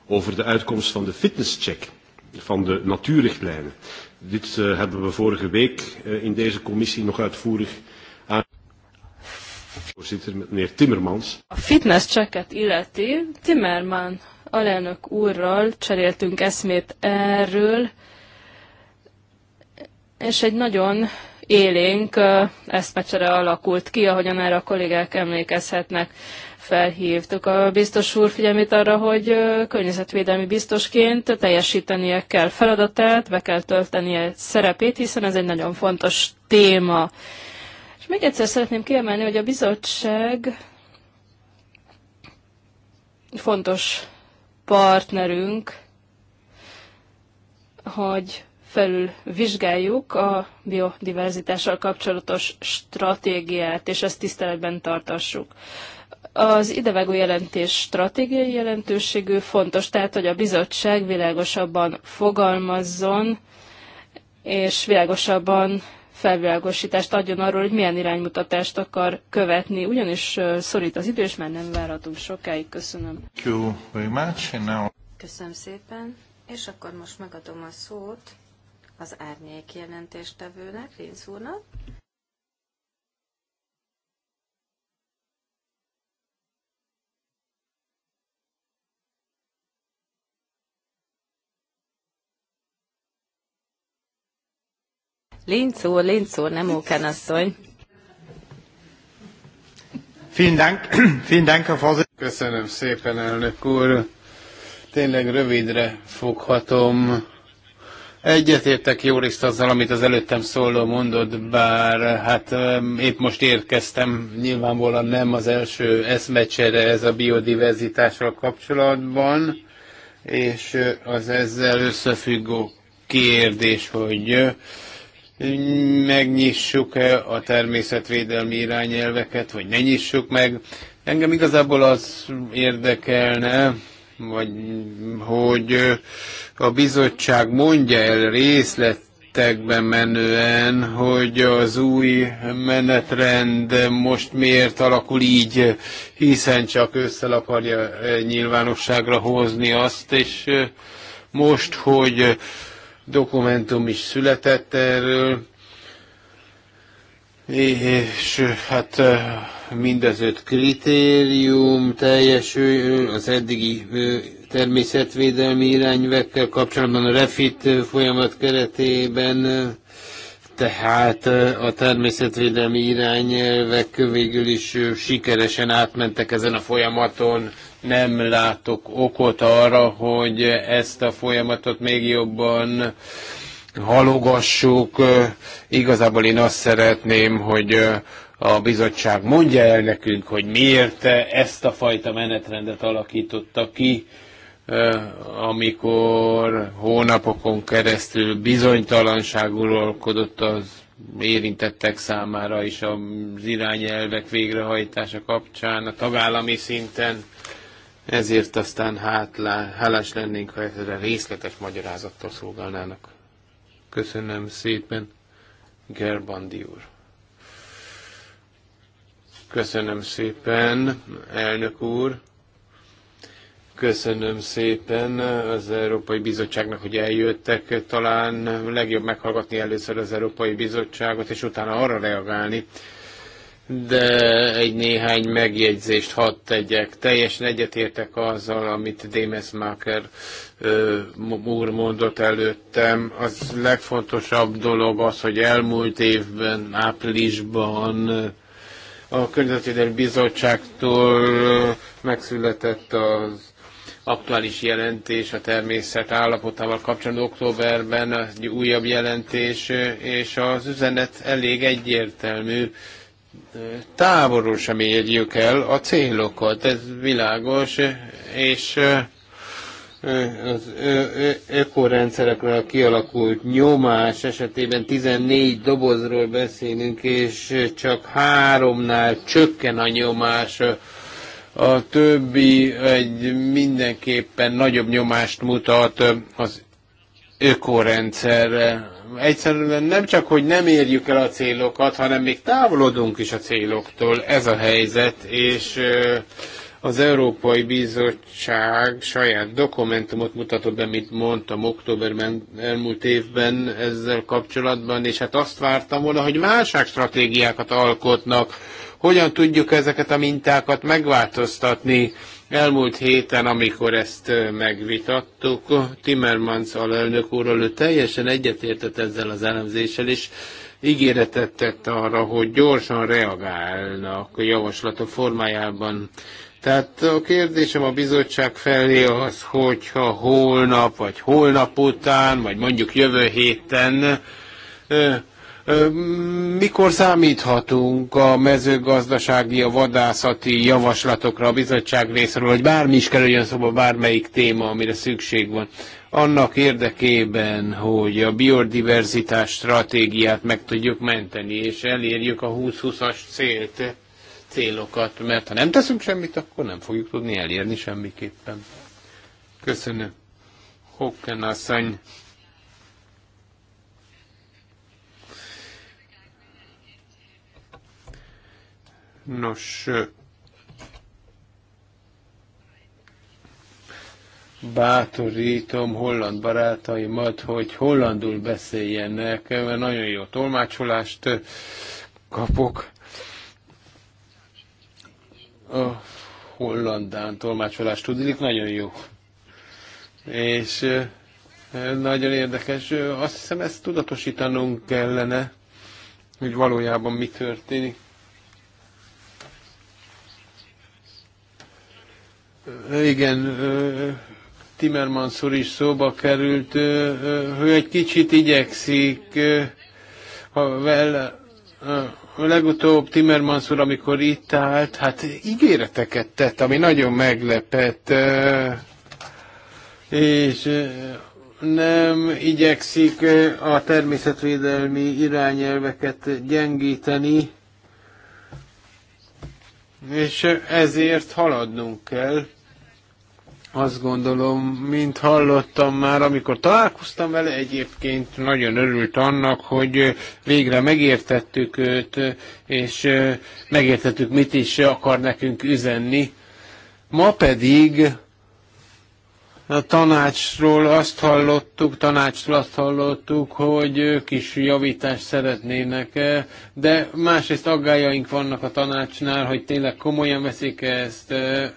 over de uitkomst van de fitnesscheck van de natuurrichtlijnen. Dit uh, hebben we vorige week uh, in deze commissie nog uitvoerig aan. Voorzitter, meneer Timmermans. A fitnesschecket illeti Timmerman alelnök úrral cseréltünk eszmét erről, és egy nagyon élénk eh, eszmecsere alakult ki, ahogyan erre a kollégák emlékezhetnek felhívtuk a biztos úr figyelmét arra, hogy környezetvédelmi biztosként teljesítenie kell feladatát, be kell töltenie szerepét, hiszen ez egy nagyon fontos téma. És még egyszer szeretném kiemelni, hogy a bizottság fontos partnerünk, hogy felül vizsgáljuk a biodiverzitással kapcsolatos stratégiát, és ezt tiszteletben tartassuk. Az idevágó jelentés stratégiai jelentőségű, fontos, tehát hogy a bizottság világosabban fogalmazzon, és világosabban felvilágosítást adjon arról, hogy milyen iránymutatást akar követni, ugyanis szorít az idő, és már nem várhatunk sokáig. Köszönöm. Köszönöm szépen, és akkor most megadom a szót az árnyék jelentéstevőnek, Rinsz úrnak. Linz úr, Linz úr, nem Ókán asszony. Köszönöm szépen, elnök úr. Tényleg rövidre foghatom. Egyetértek részt azzal, amit az előttem szóló mondott, bár hát épp most érkeztem, nyilvánvalóan nem az első eszmecsere ez a biodiverzitással kapcsolatban, és az ezzel összefüggő kérdés, hogy megnyissuk-e a természetvédelmi irányelveket, vagy ne nyissuk meg. Engem igazából az érdekelne, vagy hogy a bizottság mondja el részletekben menően, hogy az új menetrend most miért alakul így, hiszen csak össze akarja nyilvánosságra hozni azt, és most, hogy dokumentum is született erről, és hát mindezőt öt kritérium teljesül az eddigi természetvédelmi irányvekkel kapcsolatban a refit folyamat keretében, tehát a természetvédelmi irányelvek végül is sikeresen átmentek ezen a folyamaton, nem látok okot arra, hogy ezt a folyamatot még jobban halogassuk. Igazából én azt szeretném, hogy a bizottság mondja el nekünk, hogy miért ezt a fajta menetrendet alakította ki, amikor hónapokon keresztül bizonytalanság uralkodott az érintettek számára is az irányelvek végrehajtása kapcsán a tagállami szinten. Ezért aztán hátlá, hálás lennénk, ha ezre részletes magyarázattal szolgálnának. Köszönöm szépen, Gerbandi úr. Köszönöm szépen, elnök úr. Köszönöm szépen az Európai Bizottságnak, hogy eljöttek. Talán legjobb meghallgatni először az Európai Bizottságot, és utána arra reagálni, de egy néhány megjegyzést hadd tegyek. Teljesen egyetértek azzal, amit Démes Máker úr mondott előttem. Az legfontosabb dolog az, hogy elmúlt évben, áprilisban a Környezetvédelmi Bizottságtól megszületett az aktuális jelentés a természet állapotával kapcsolatban októberben egy újabb jelentés, és az üzenet elég egyértelmű távolról sem érjük el a célokat, ez világos, és az ökorendszerekre a kialakult nyomás esetében 14 dobozról beszélünk, és csak háromnál csökken a nyomás. A többi egy mindenképpen nagyobb nyomást mutat az ökorendszerre egyszerűen nem csak, hogy nem érjük el a célokat, hanem még távolodunk is a céloktól. Ez a helyzet, és az Európai Bizottság saját dokumentumot mutatott be, mint mondtam, októberben elmúlt évben ezzel kapcsolatban, és hát azt vártam volna, hogy válságstratégiákat alkotnak, hogyan tudjuk ezeket a mintákat megváltoztatni, Elmúlt héten, amikor ezt megvitattuk, Timmermans alelnök úrral, ő teljesen egyetértett ezzel az elemzéssel, és ígéretet tett arra, hogy gyorsan reagálnak a javaslatok formájában. Tehát a kérdésem a bizottság felé az, hogyha holnap, vagy holnap után, vagy mondjuk jövő héten mikor számíthatunk a mezőgazdasági, a vadászati javaslatokra a bizottság részéről, hogy bármi is kerüljön szóba, bármelyik téma, amire szükség van, annak érdekében, hogy a biodiverzitás stratégiát meg tudjuk menteni, és elérjük a 20-20-as célt, célokat, mert ha nem teszünk semmit, akkor nem fogjuk tudni elérni semmiképpen. Köszönöm. Hokken asszony, Nos, bátorítom holland barátaimat, hogy hollandul beszéljenek, mert nagyon jó tolmácsolást kapok. A hollandán tolmácsolást tudnék, nagyon jó. És nagyon érdekes, azt hiszem ezt tudatosítanunk kellene, hogy valójában mi történik. igen, Timmermans úr is szóba került, ő egy kicsit igyekszik, ha a legutóbb Timmermans úr, amikor itt állt, hát ígéreteket tett, ami nagyon meglepett, és nem igyekszik a természetvédelmi irányelveket gyengíteni, és ezért haladnunk kell. Azt gondolom, mint hallottam már, amikor találkoztam vele, egyébként nagyon örült annak, hogy végre megértettük őt, és megértettük, mit is akar nekünk üzenni. Ma pedig a tanácsról azt hallottuk, tanácsról azt hallottuk, hogy ők is javítást szeretnének, de másrészt aggájaink vannak a tanácsnál, hogy tényleg komolyan veszik ezt, e,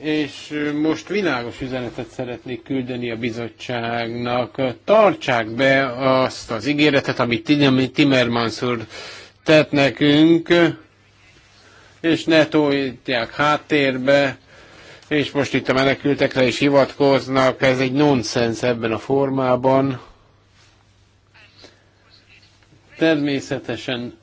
és most világos üzenetet szeretnék küldeni a bizottságnak. Tartsák be azt az ígéretet, amit Timmermans úr tett nekünk, és ne tolják háttérbe, és most itt a menekültekre is hivatkoznak, ez egy nonsens ebben a formában. Természetesen,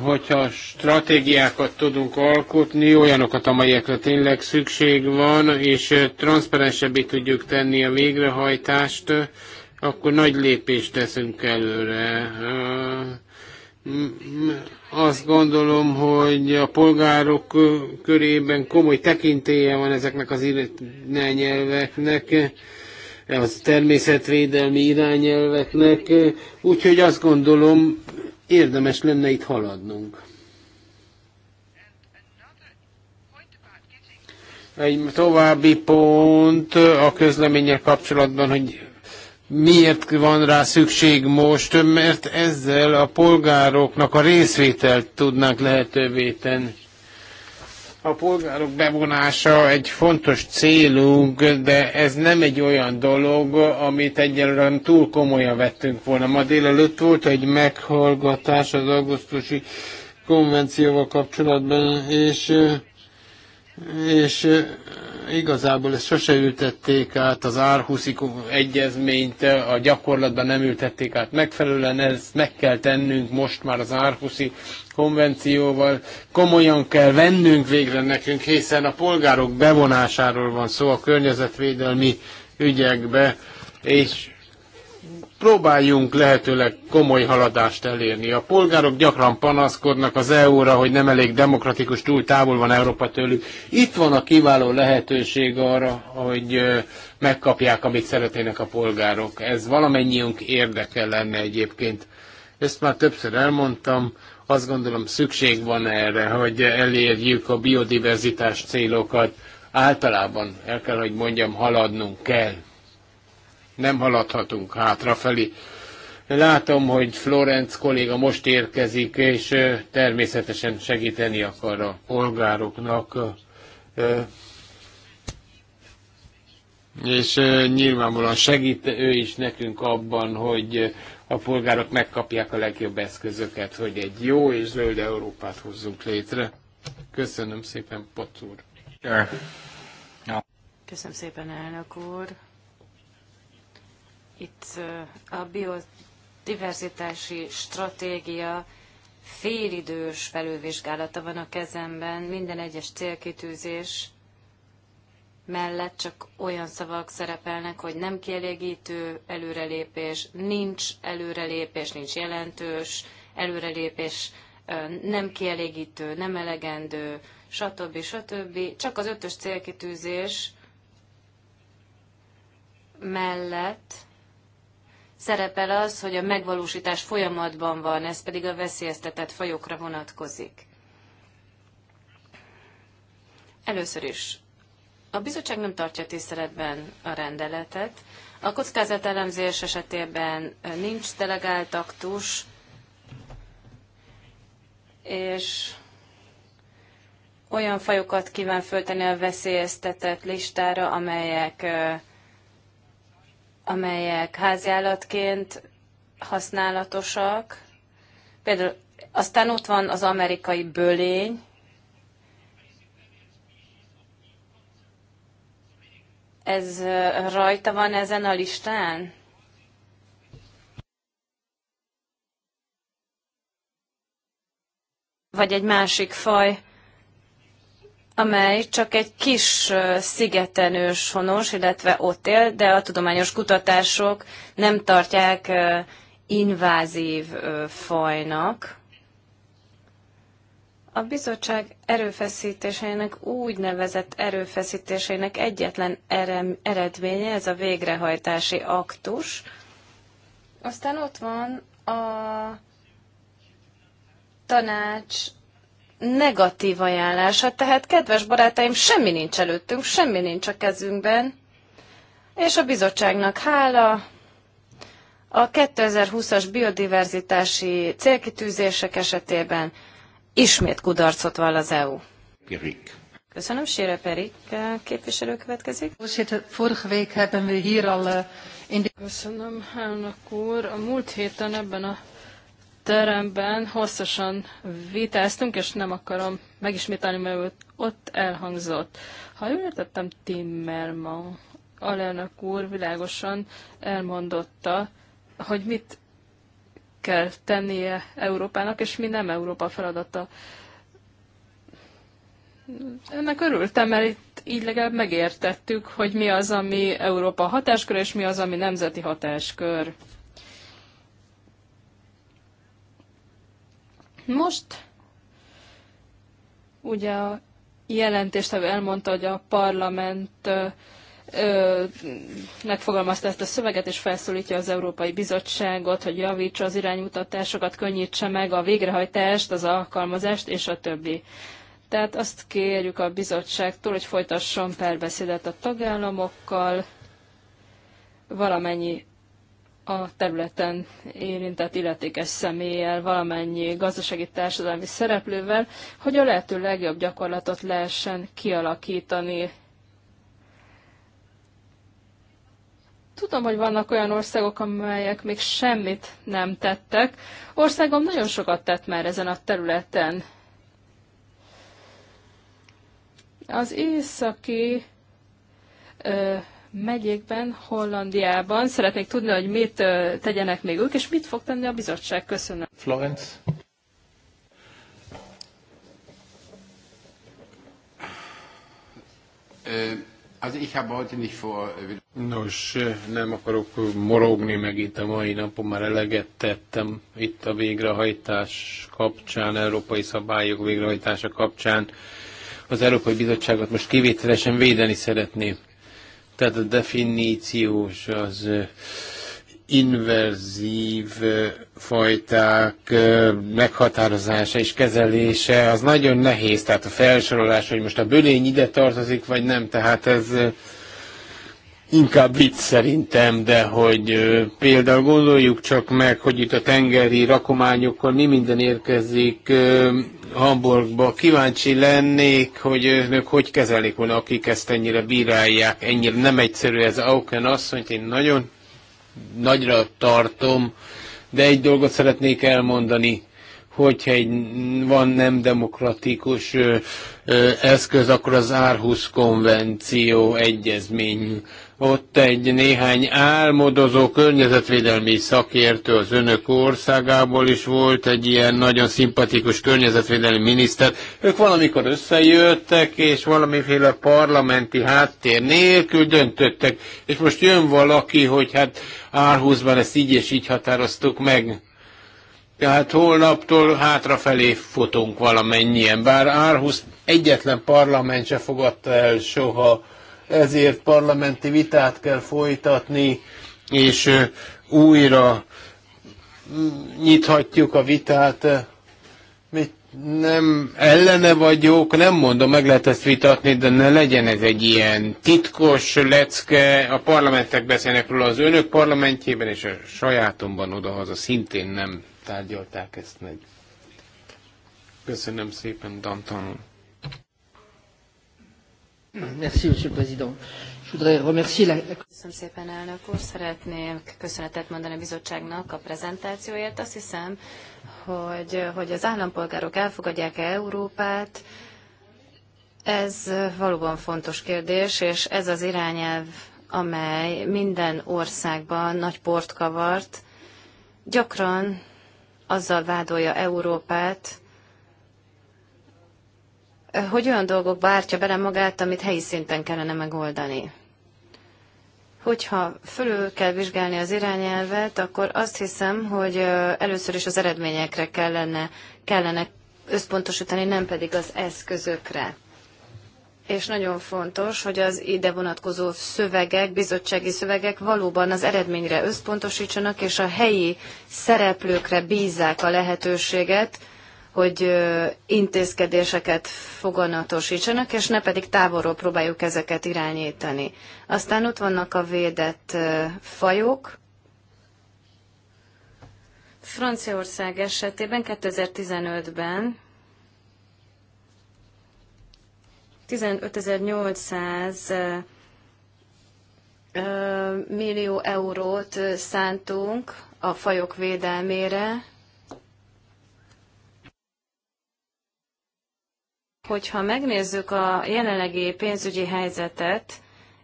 hogyha stratégiákat tudunk alkotni, olyanokat, amelyekre tényleg szükség van, és transzparensebbé tudjuk tenni a végrehajtást, akkor nagy lépést teszünk előre Mm, azt gondolom, hogy a polgárok körében komoly tekintélye van ezeknek az irányelveknek, az természetvédelmi irányelveknek, úgyhogy azt gondolom, érdemes lenne itt haladnunk. Egy további pont a közleménnyel kapcsolatban, hogy miért van rá szükség most, mert ezzel a polgároknak a részvételt tudnánk lehetővé tenni. A polgárok bevonása egy fontos célunk, de ez nem egy olyan dolog, amit egyelőre túl komolyan vettünk volna. Ma délelőtt volt egy meghallgatás az augusztusi konvencióval kapcsolatban, és, és igazából ezt sose ültették át, az Árhuszi egyezményt a gyakorlatban nem ültették át megfelelően, ezt meg kell tennünk most már az Árhuszi konvencióval. Komolyan kell vennünk végre nekünk, hiszen a polgárok bevonásáról van szó a környezetvédelmi ügyekbe, és próbáljunk lehetőleg komoly haladást elérni. A polgárok gyakran panaszkodnak az EU-ra, hogy nem elég demokratikus, túl távol van Európa tőlük. Itt van a kiváló lehetőség arra, hogy megkapják, amit szeretnének a polgárok. Ez valamennyiünk érdeke lenne egyébként. Ezt már többször elmondtam, azt gondolom szükség van erre, hogy elérjük a biodiverzitás célokat. Általában el kell, hogy mondjam, haladnunk kell nem haladhatunk hátrafelé. Látom, hogy Florenc kolléga most érkezik, és természetesen segíteni akar a polgároknak. És nyilvánvalóan segít ő is nekünk abban, hogy a polgárok megkapják a legjobb eszközöket, hogy egy jó és zöld Európát hozzunk létre. Köszönöm szépen, Pocz úr. Köszönöm szépen, elnök úr. Itt a biodiverzitási stratégia félidős felülvizsgálata van a kezemben, minden egyes célkitűzés mellett csak olyan szavak szerepelnek, hogy nem kielégítő előrelépés, nincs előrelépés, nincs jelentős előrelépés, nem kielégítő, nem elegendő, stb. stb. Csak az ötös célkitűzés mellett szerepel az, hogy a megvalósítás folyamatban van, ez pedig a veszélyeztetett fajokra vonatkozik. Először is, a bizottság nem tartja tiszteletben a rendeletet. A kockázatelemzés esetében nincs delegált aktus, és olyan fajokat kíván föltenni a veszélyeztetett listára, amelyek amelyek háziállatként használatosak. Például aztán ott van az amerikai bölény, ez rajta van ezen a listán? Vagy egy másik faj? amely csak egy kis szigeten őshonos, illetve ott él, de a tudományos kutatások nem tartják invázív fajnak. A bizottság erőfeszítéseinek úgynevezett erőfeszítéseinek egyetlen eredménye ez a végrehajtási aktus. Aztán ott van a tanács negatív ajánlása, tehát kedves barátaim, semmi nincs előttünk, semmi nincs a kezünkben, és a bizottságnak hála, a 2020-as biodiverzitási célkitűzések esetében ismét kudarcot vall az EU. Pirik. Köszönöm, Sire Perik képviselő következik. hebben we hier al... Eh, Köszönöm, elnök úr. A múlt héten ebben a teremben hosszasan vitáztunk, és nem akarom megismételni, mert ott elhangzott. Ha jól értettem, Timmerman alelnök úr világosan elmondotta, hogy mit kell tennie Európának, és mi nem Európa feladata. Ennek örültem, mert itt így legalább megértettük, hogy mi az, ami Európa hatáskör, és mi az, ami nemzeti hatáskör. Most ugye a jelentést elmondta, hogy a parlament megfogalmazta ezt a szöveget, és felszólítja az Európai Bizottságot, hogy javítsa az iránymutatásokat, könnyítse meg a végrehajtást, az alkalmazást, és a többi. Tehát azt kérjük a bizottságtól, hogy folytasson párbeszédet a tagállamokkal, valamennyi a területen érintett illetékes személlyel, valamennyi gazdasági társadalmi szereplővel, hogy a lehető legjobb gyakorlatot lehessen kialakítani. Tudom, hogy vannak olyan országok, amelyek még semmit nem tettek. Országom nagyon sokat tett már ezen a területen. Az északi megyékben, Hollandiában. Szeretnék tudni, hogy mit tegyenek még ők, és mit fog tenni a bizottság. Köszönöm. Florence. Äh, Nos, nem akarok morogni meg itt a mai napon, már eleget tettem itt a végrehajtás kapcsán, európai szabályok végrehajtása kapcsán. Az Európai Bizottságot most kivételesen védeni szeretném. Tehát a definíciós az inverzív fajták meghatározása és kezelése, az nagyon nehéz, tehát a felsorolás, hogy most a bölény ide tartozik, vagy nem, tehát ez inkább vicc szerintem, de hogy ö, például gondoljuk csak meg, hogy itt a tengeri rakományokkal mi minden érkezik ö, Hamburgba. Kíváncsi lennék, hogy önök hogy kezelik volna, akik ezt ennyire bírálják. Ennyire nem egyszerű ez Auken asszonyt, én nagyon nagyra tartom, de egy dolgot szeretnék elmondani hogyha egy, van nem demokratikus ö, ö, eszköz, akkor az Árhusz konvenció egyezmény ott egy néhány álmodozó környezetvédelmi szakértő az önök országából is volt, egy ilyen nagyon szimpatikus környezetvédelmi miniszter. Ők valamikor összejöttek, és valamiféle parlamenti háttér nélkül döntöttek. És most jön valaki, hogy hát Árhúzban ezt így és így határoztuk meg. Tehát holnaptól hátrafelé futunk valamennyien, bár Árhuszt egyetlen parlament se fogadta el soha, ezért parlamenti vitát kell folytatni, és újra nyithatjuk a vitát. Mit nem ellene vagyok, nem mondom, meg lehet ezt vitatni, de ne legyen ez egy ilyen titkos lecke. A parlamentek beszélnek róla az önök parlamentjében, és a sajátomban odahaza szintén nem tárgyalták ezt meg. Köszönöm szépen, Dantanul. Merci, Monsieur le Président. Köszönöm szépen, elnök úr. Szeretnék köszönetet mondani a bizottságnak a prezentációért. Azt hiszem, hogy, hogy az állampolgárok elfogadják-e Európát, ez valóban fontos kérdés, és ez az irányelv, amely minden országban nagy port kavart, gyakran azzal vádolja Európát, hogy olyan dolgok bártja bele magát, amit helyi szinten kellene megoldani. Hogyha fölül kell vizsgálni az irányelvet, akkor azt hiszem, hogy először is az eredményekre kellene, kellene összpontosítani, nem pedig az eszközökre. És nagyon fontos, hogy az ide vonatkozó szövegek, bizottsági szövegek valóban az eredményre összpontosítsanak, és a helyi szereplőkre bízzák a lehetőséget, hogy intézkedéseket foganatosítsanak, és ne pedig távolról próbáljuk ezeket irányítani. Aztán ott vannak a védett fajok. Franciaország esetében 2015-ben 15.800 millió eurót szántunk a fajok védelmére, hogyha megnézzük a jelenlegi pénzügyi helyzetet,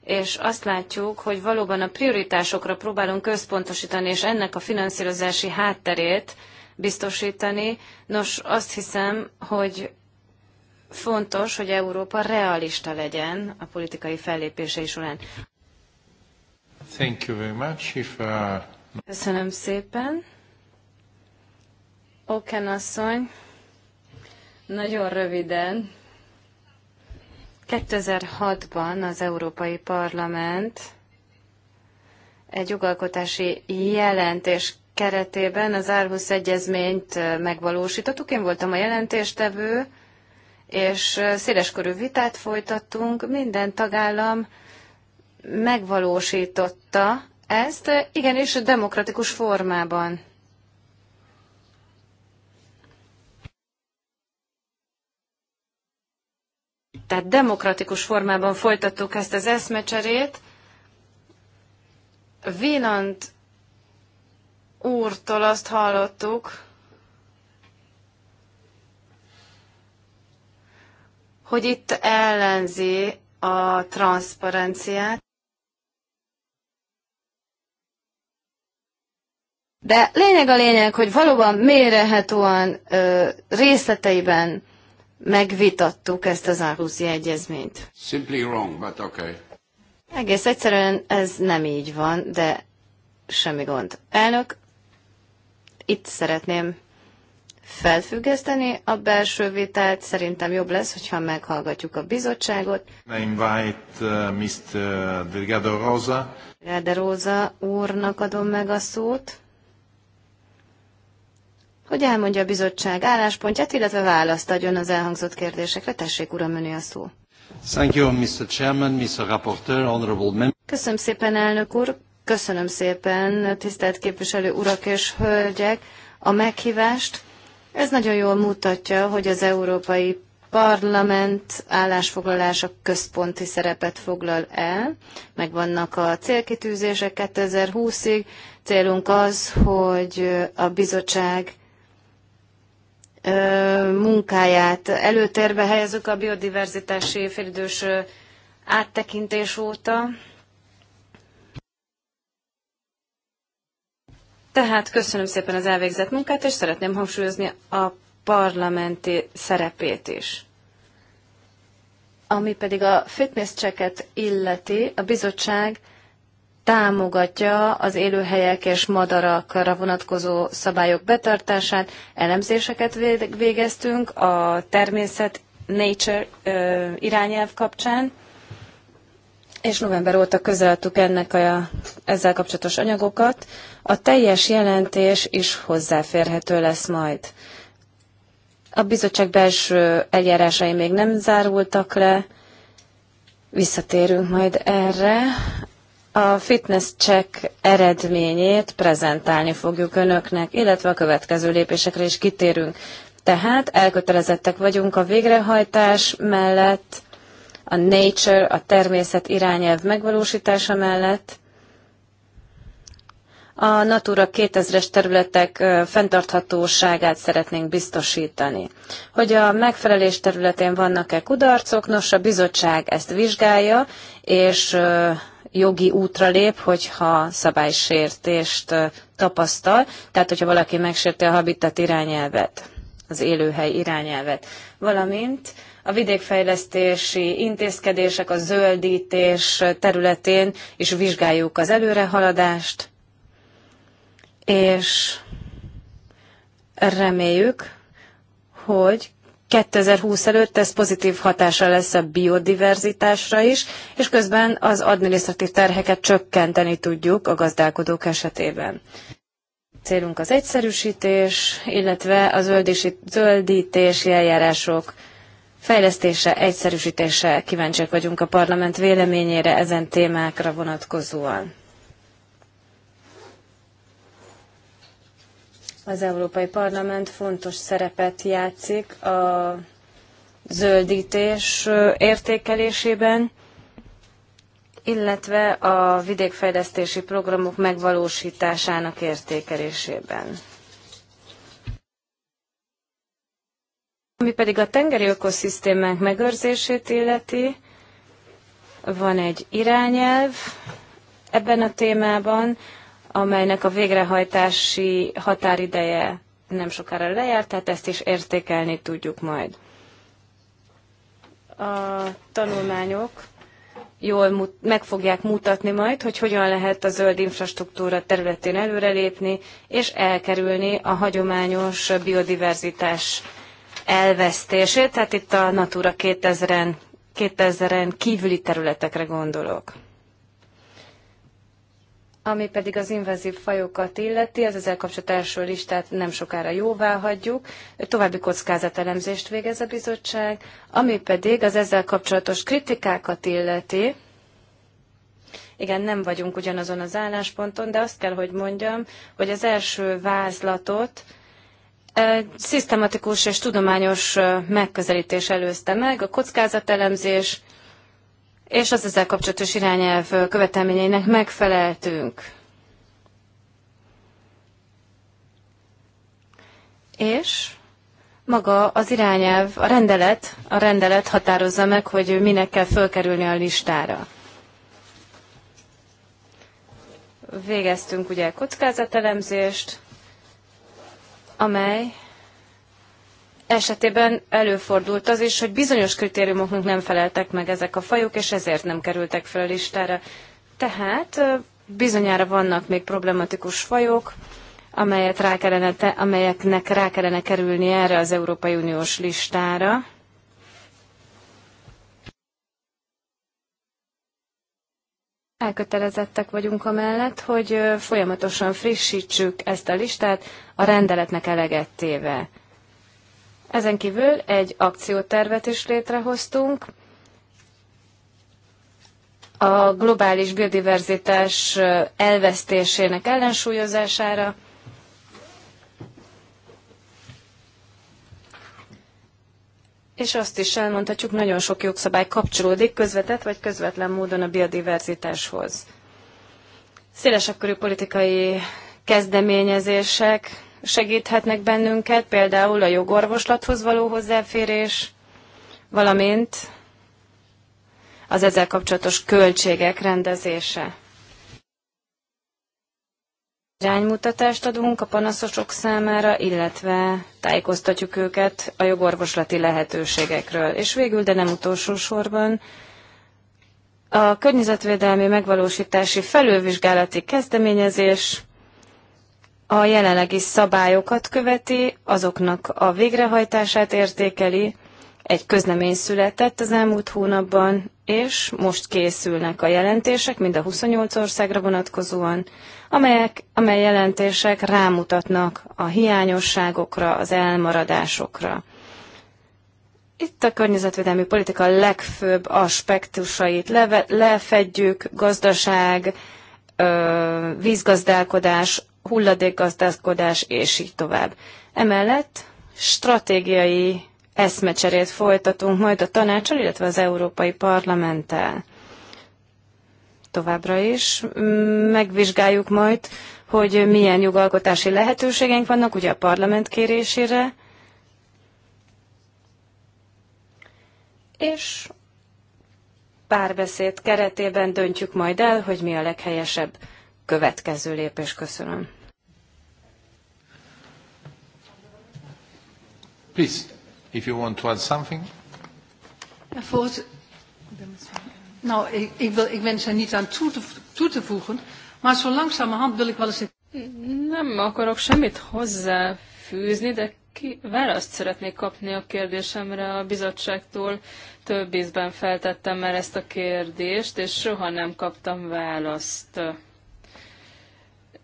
és azt látjuk, hogy valóban a prioritásokra próbálunk központosítani, és ennek a finanszírozási hátterét biztosítani. Nos, azt hiszem, hogy fontos, hogy Európa realista legyen a politikai fellépései során. Thank you very much. If, uh... Köszönöm szépen. Oken asszony. Nagyon röviden. 2006-ban az Európai Parlament egy jogalkotási jelentés keretében az Árhusz egyezményt megvalósítottuk. Én voltam a jelentéstevő, és széleskörű vitát folytattunk. Minden tagállam megvalósította ezt, igenis demokratikus formában. Tehát demokratikus formában folytattuk ezt az eszmecserét. Véland úrtól azt hallottuk, hogy itt ellenzi a transzparenciát. De lényeg a lényeg, hogy valóban mérehetően részleteiben megvitattuk ezt az Árhuszi egyezményt. Simply wrong, but okay. Egész egyszerűen ez nem így van, de semmi gond. Elnök, itt szeretném felfüggeszteni a belső vitát. Szerintem jobb lesz, hogyha meghallgatjuk a bizottságot. I invite uh, Mr. Delgado Rosa. Delgado Rosa úrnak adom meg a szót hogy elmondja a bizottság álláspontját, illetve választ adjon az elhangzott kérdésekre. Tessék, uram, öné a szó. Thank you, Mr. Chairman, Mr. Rapporteur, honorable member. Köszönöm szépen, elnök úr. Köszönöm szépen, tisztelt képviselő urak és hölgyek, a meghívást. Ez nagyon jól mutatja, hogy az Európai Parlament állásfoglalása központi szerepet foglal el. Megvannak a célkitűzések 2020-ig. Célunk az, hogy a bizottság munkáját előtérbe helyezzük a biodiverzitási félidős áttekintés óta. Tehát köszönöm szépen az elvégzett munkát, és szeretném hangsúlyozni a parlamenti szerepét is. Ami pedig a fitness illeti, a bizottság támogatja az élőhelyek és madarakra vonatkozó szabályok betartását. Elemzéseket végeztünk a természet Nature irányelv kapcsán, és november óta közeladtuk ennek a, ezzel kapcsolatos anyagokat. A teljes jelentés is hozzáférhető lesz majd. A bizottság belső eljárásai még nem zárultak le, visszatérünk majd erre a fitness check eredményét prezentálni fogjuk önöknek, illetve a következő lépésekre is kitérünk. Tehát elkötelezettek vagyunk a végrehajtás mellett, a nature, a természet irányelv megvalósítása mellett, a Natura 2000-es területek fenntarthatóságát szeretnénk biztosítani. Hogy a megfelelés területén vannak-e kudarcok, nos, a bizottság ezt vizsgálja, és jogi útra lép, hogyha szabálysértést tapasztal, tehát hogyha valaki megsérti a habitat irányelvet, az élőhely irányelvet, valamint a vidékfejlesztési intézkedések, a zöldítés területén is vizsgáljuk az előrehaladást, és reméljük, hogy 2020 előtt ez pozitív hatása lesz a biodiverzitásra is, és közben az adminisztratív terheket csökkenteni tudjuk a gazdálkodók esetében. Célunk az egyszerűsítés, illetve a zöldítési eljárások fejlesztése, egyszerűsítése. Kíváncsiak vagyunk a parlament véleményére ezen témákra vonatkozóan. Az Európai Parlament fontos szerepet játszik a zöldítés értékelésében, illetve a vidékfejlesztési programok megvalósításának értékelésében. Ami pedig a tengeri ökoszisztémák megőrzését illeti, van egy irányelv ebben a témában, amelynek a végrehajtási határideje nem sokára lejárt, tehát ezt is értékelni tudjuk majd. A tanulmányok jól mut, meg fogják mutatni majd, hogy hogyan lehet a zöld infrastruktúra területén előrelépni, és elkerülni a hagyományos biodiverzitás elvesztését, tehát itt a Natura 2000-en, 2000-en kívüli területekre gondolok. Ami pedig az invazív fajokat illeti, az ezzel kapcsolatos első listát nem sokára jóvá hagyjuk. További kockázatelemzést végez a bizottság, ami pedig az ezzel kapcsolatos kritikákat illeti. Igen, nem vagyunk ugyanazon az állásponton, de azt kell, hogy mondjam, hogy az első vázlatot szisztematikus és tudományos megközelítés előzte meg, a kockázatelemzés, és az ezzel kapcsolatos irányelv követelményeinek megfeleltünk. És maga az irányelv, a rendelet, a rendelet határozza meg, hogy minek kell fölkerülni a listára. Végeztünk ugye kockázatelemzést, amely esetében előfordult az is, hogy bizonyos kritériumoknak nem feleltek meg ezek a fajok, és ezért nem kerültek fel a listára. Tehát bizonyára vannak még problematikus fajok, amelyet rá kellene te, amelyeknek rá kellene kerülni erre az Európai Uniós listára. Elkötelezettek vagyunk amellett, hogy folyamatosan frissítsük ezt a listát a rendeletnek eleget téve. Ezen kívül egy akciótervet is létrehoztunk, a globális biodiverzitás elvesztésének ellensúlyozására, És azt is elmondhatjuk, nagyon sok jogszabály kapcsolódik közvetett vagy közvetlen módon a biodiverzitáshoz. Szélesebb körű politikai kezdeményezések segíthetnek bennünket, például a jogorvoslathoz való hozzáférés, valamint az ezzel kapcsolatos költségek rendezése. Iránymutatást adunk a panaszosok számára, illetve tájékoztatjuk őket a jogorvoslati lehetőségekről. És végül, de nem utolsó sorban, a környezetvédelmi megvalósítási felülvizsgálati kezdeményezés a jelenlegi szabályokat követi, azoknak a végrehajtását értékeli, egy közlemény született az elmúlt hónapban, és most készülnek a jelentések, mind a 28 országra vonatkozóan, amelyek, amely jelentések rámutatnak a hiányosságokra, az elmaradásokra. Itt a környezetvédelmi politika legfőbb aspektusait leve, lefedjük, gazdaság, vízgazdálkodás, hulladékgazdálkodás, és így tovább. Emellett stratégiai eszmecserét folytatunk majd a tanácsal, illetve az Európai Parlamenttel. Továbbra is megvizsgáljuk majd, hogy milyen jogalkotási lehetőségeink vannak, ugye a parlament kérésére, és párbeszéd keretében döntjük majd el, hogy mi a leghelyesebb következő lépés. Köszönöm. Please, if you want to add something. Nou, ik, ik, wil, ik wens er niet aan toe te, toe te voegen, maar zo langzamerhand wil ik wel eens... Nem akarok semmit hozzáfűzni, de ki, választ szeretnék kapni a kérdésemre a bizottságtól. Több ízben feltettem már ezt a kérdést, és soha nem kaptam választ.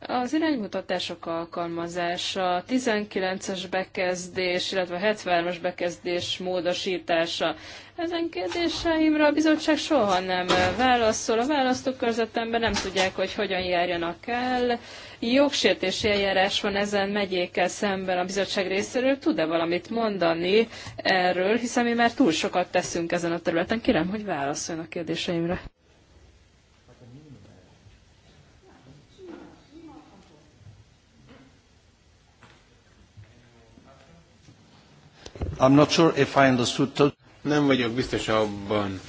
Az iránymutatások alkalmazása, 19-es bekezdés, illetve 73-as bekezdés módosítása. Ezen kérdéseimre a bizottság soha nem válaszol. A választókörzetemben nem tudják, hogy hogyan járjanak el. Jogsértési eljárás van ezen megyékkel szemben a bizottság részéről. Tud-e valamit mondani erről, hiszen mi már túl sokat teszünk ezen a területen. Kérem, hogy válaszoljon a kérdéseimre. I'm not sure if I understood. Nem vagyok biztos abban.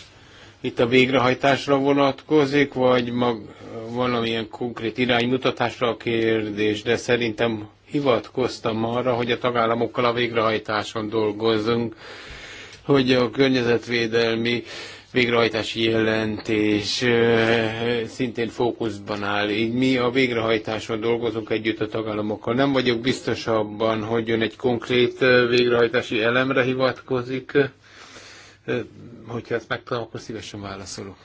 Itt a végrehajtásra vonatkozik, vagy mag, valamilyen konkrét iránymutatásra a kérdés, de szerintem hivatkoztam arra, hogy a tagállamokkal a végrehajtáson dolgozzunk, hogy a környezetvédelmi uh, végrehajtási jelentés szintén fókuszban áll. Így mi a végrehajtáson dolgozunk együtt a tagállamokkal. Nem vagyok biztos abban, hogy ön egy konkrét végrehajtási elemre hivatkozik. Hogyha ezt megtudom, akkor szívesen válaszolok.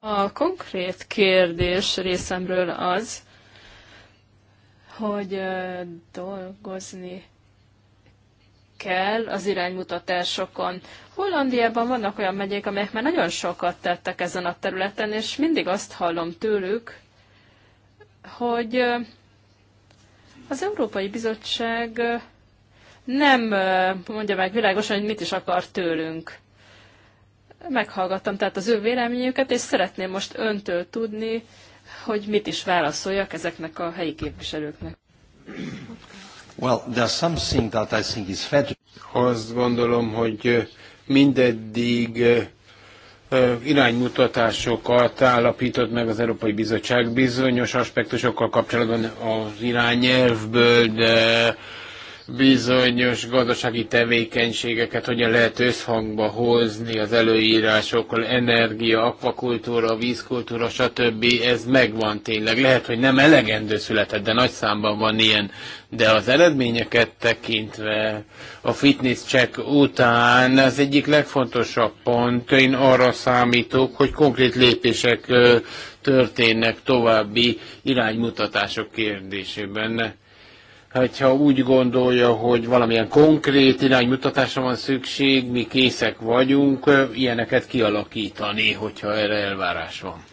A konkrét kérdés részemről az, hogy dolgozni kell az iránymutatásokon. Hollandiában vannak olyan megyék, amelyek már nagyon sokat tettek ezen a területen, és mindig azt hallom tőlük, hogy az Európai Bizottság nem mondja meg világosan, hogy mit is akar tőlünk. Meghallgattam tehát az ő véleményüket, és szeretném most öntől tudni, hogy mit is válaszoljak ezeknek a helyi képviselőknek. Well, that I think is fair. Azt gondolom, hogy mindeddig iránymutatásokat állapított meg az Európai Bizottság bizonyos aspektusokkal kapcsolatban az irányelvből, de bizonyos gazdasági tevékenységeket hogyan lehet összhangba hozni az előírásokkal, energia, akvakultúra, vízkultúra, stb. Ez megvan tényleg. Lehet, hogy nem elegendő született, de nagy számban van ilyen. De az eredményeket tekintve a fitness check után az egyik legfontosabb pont, én arra számítok, hogy konkrét lépések történnek további iránymutatások kérdésében hogyha úgy gondolja, hogy valamilyen konkrét iránymutatásra van szükség, mi készek vagyunk ilyeneket kialakítani, hogyha erre elvárás van.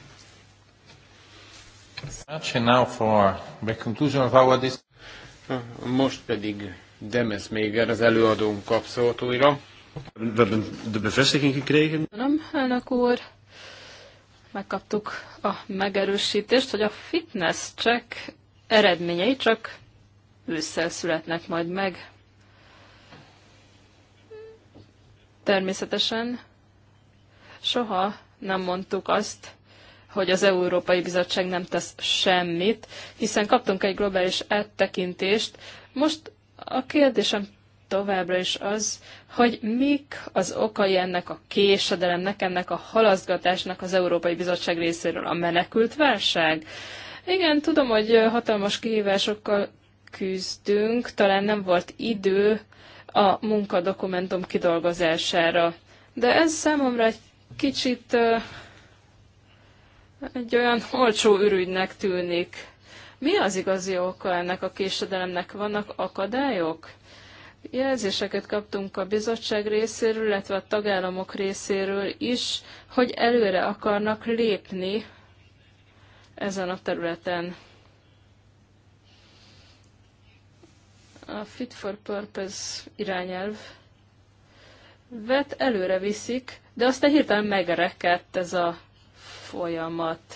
Most pedig Demes Méger, az előadónk kap szót újra. We de Nem, elnök úr. Megkaptuk a megerősítést, hogy a fitness check eredményei csak ősszel születnek majd meg. Természetesen soha nem mondtuk azt, hogy az Európai Bizottság nem tesz semmit, hiszen kaptunk egy globális áttekintést. Most a kérdésem továbbra is az, hogy mik az okai ennek a késedelemnek, ennek a halaszgatásnak az Európai Bizottság részéről a menekült válság. Igen, tudom, hogy hatalmas kihívásokkal küzdünk, talán nem volt idő a munkadokumentum kidolgozására. De ez számomra egy kicsit egy olyan olcsó ürügynek tűnik. Mi az igazi oka ennek a késedelemnek? Vannak akadályok? Jelzéseket kaptunk a bizottság részéről, illetve a tagállamok részéről is, hogy előre akarnak lépni ezen a területen. a Fit for Purpose irányelv vet előre viszik, de aztán hirtelen megrekedt ez a folyamat.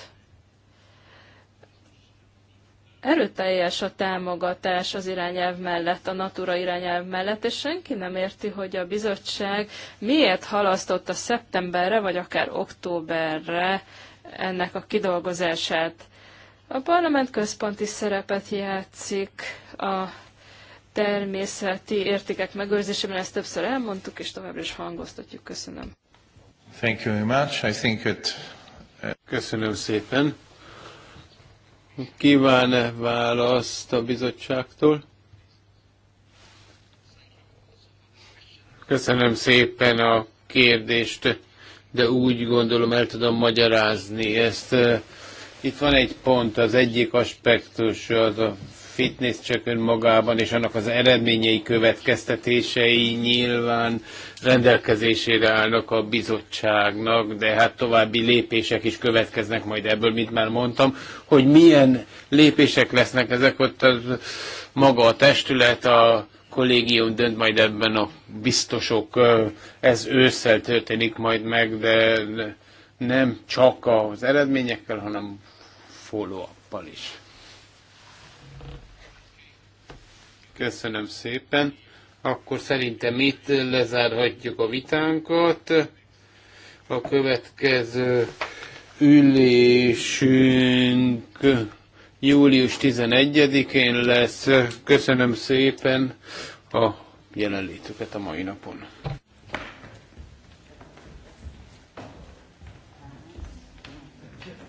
Erőteljes a támogatás az irányelv mellett, a Natura irányelv mellett, és senki nem érti, hogy a bizottság miért halasztotta szeptemberre, vagy akár októberre ennek a kidolgozását. A parlament központi szerepet játszik a természeti értékek megőrzésében, ezt többször elmondtuk, és továbbra is hangoztatjuk. Köszönöm. Thank you very much. I think it... Uh, Köszönöm szépen. Kíván-e választ a bizottságtól? Köszönöm szépen a kérdést, de úgy gondolom el tudom magyarázni ezt. Itt van egy pont, az egyik aspektus az a fitness csak önmagában és annak az eredményei, következtetései nyilván rendelkezésére állnak a bizottságnak, de hát további lépések is következnek majd ebből, mint már mondtam, hogy milyen lépések lesznek ezek ott az, maga a testület, a kollégium dönt majd ebben a biztosok, ez ősszel történik majd meg, de nem csak az eredményekkel, hanem follow-uppal is. Köszönöm szépen. Akkor szerintem itt lezárhatjuk a vitánkat. A következő ülésünk július 11-én lesz. Köszönöm szépen a jelenlétüket a mai napon.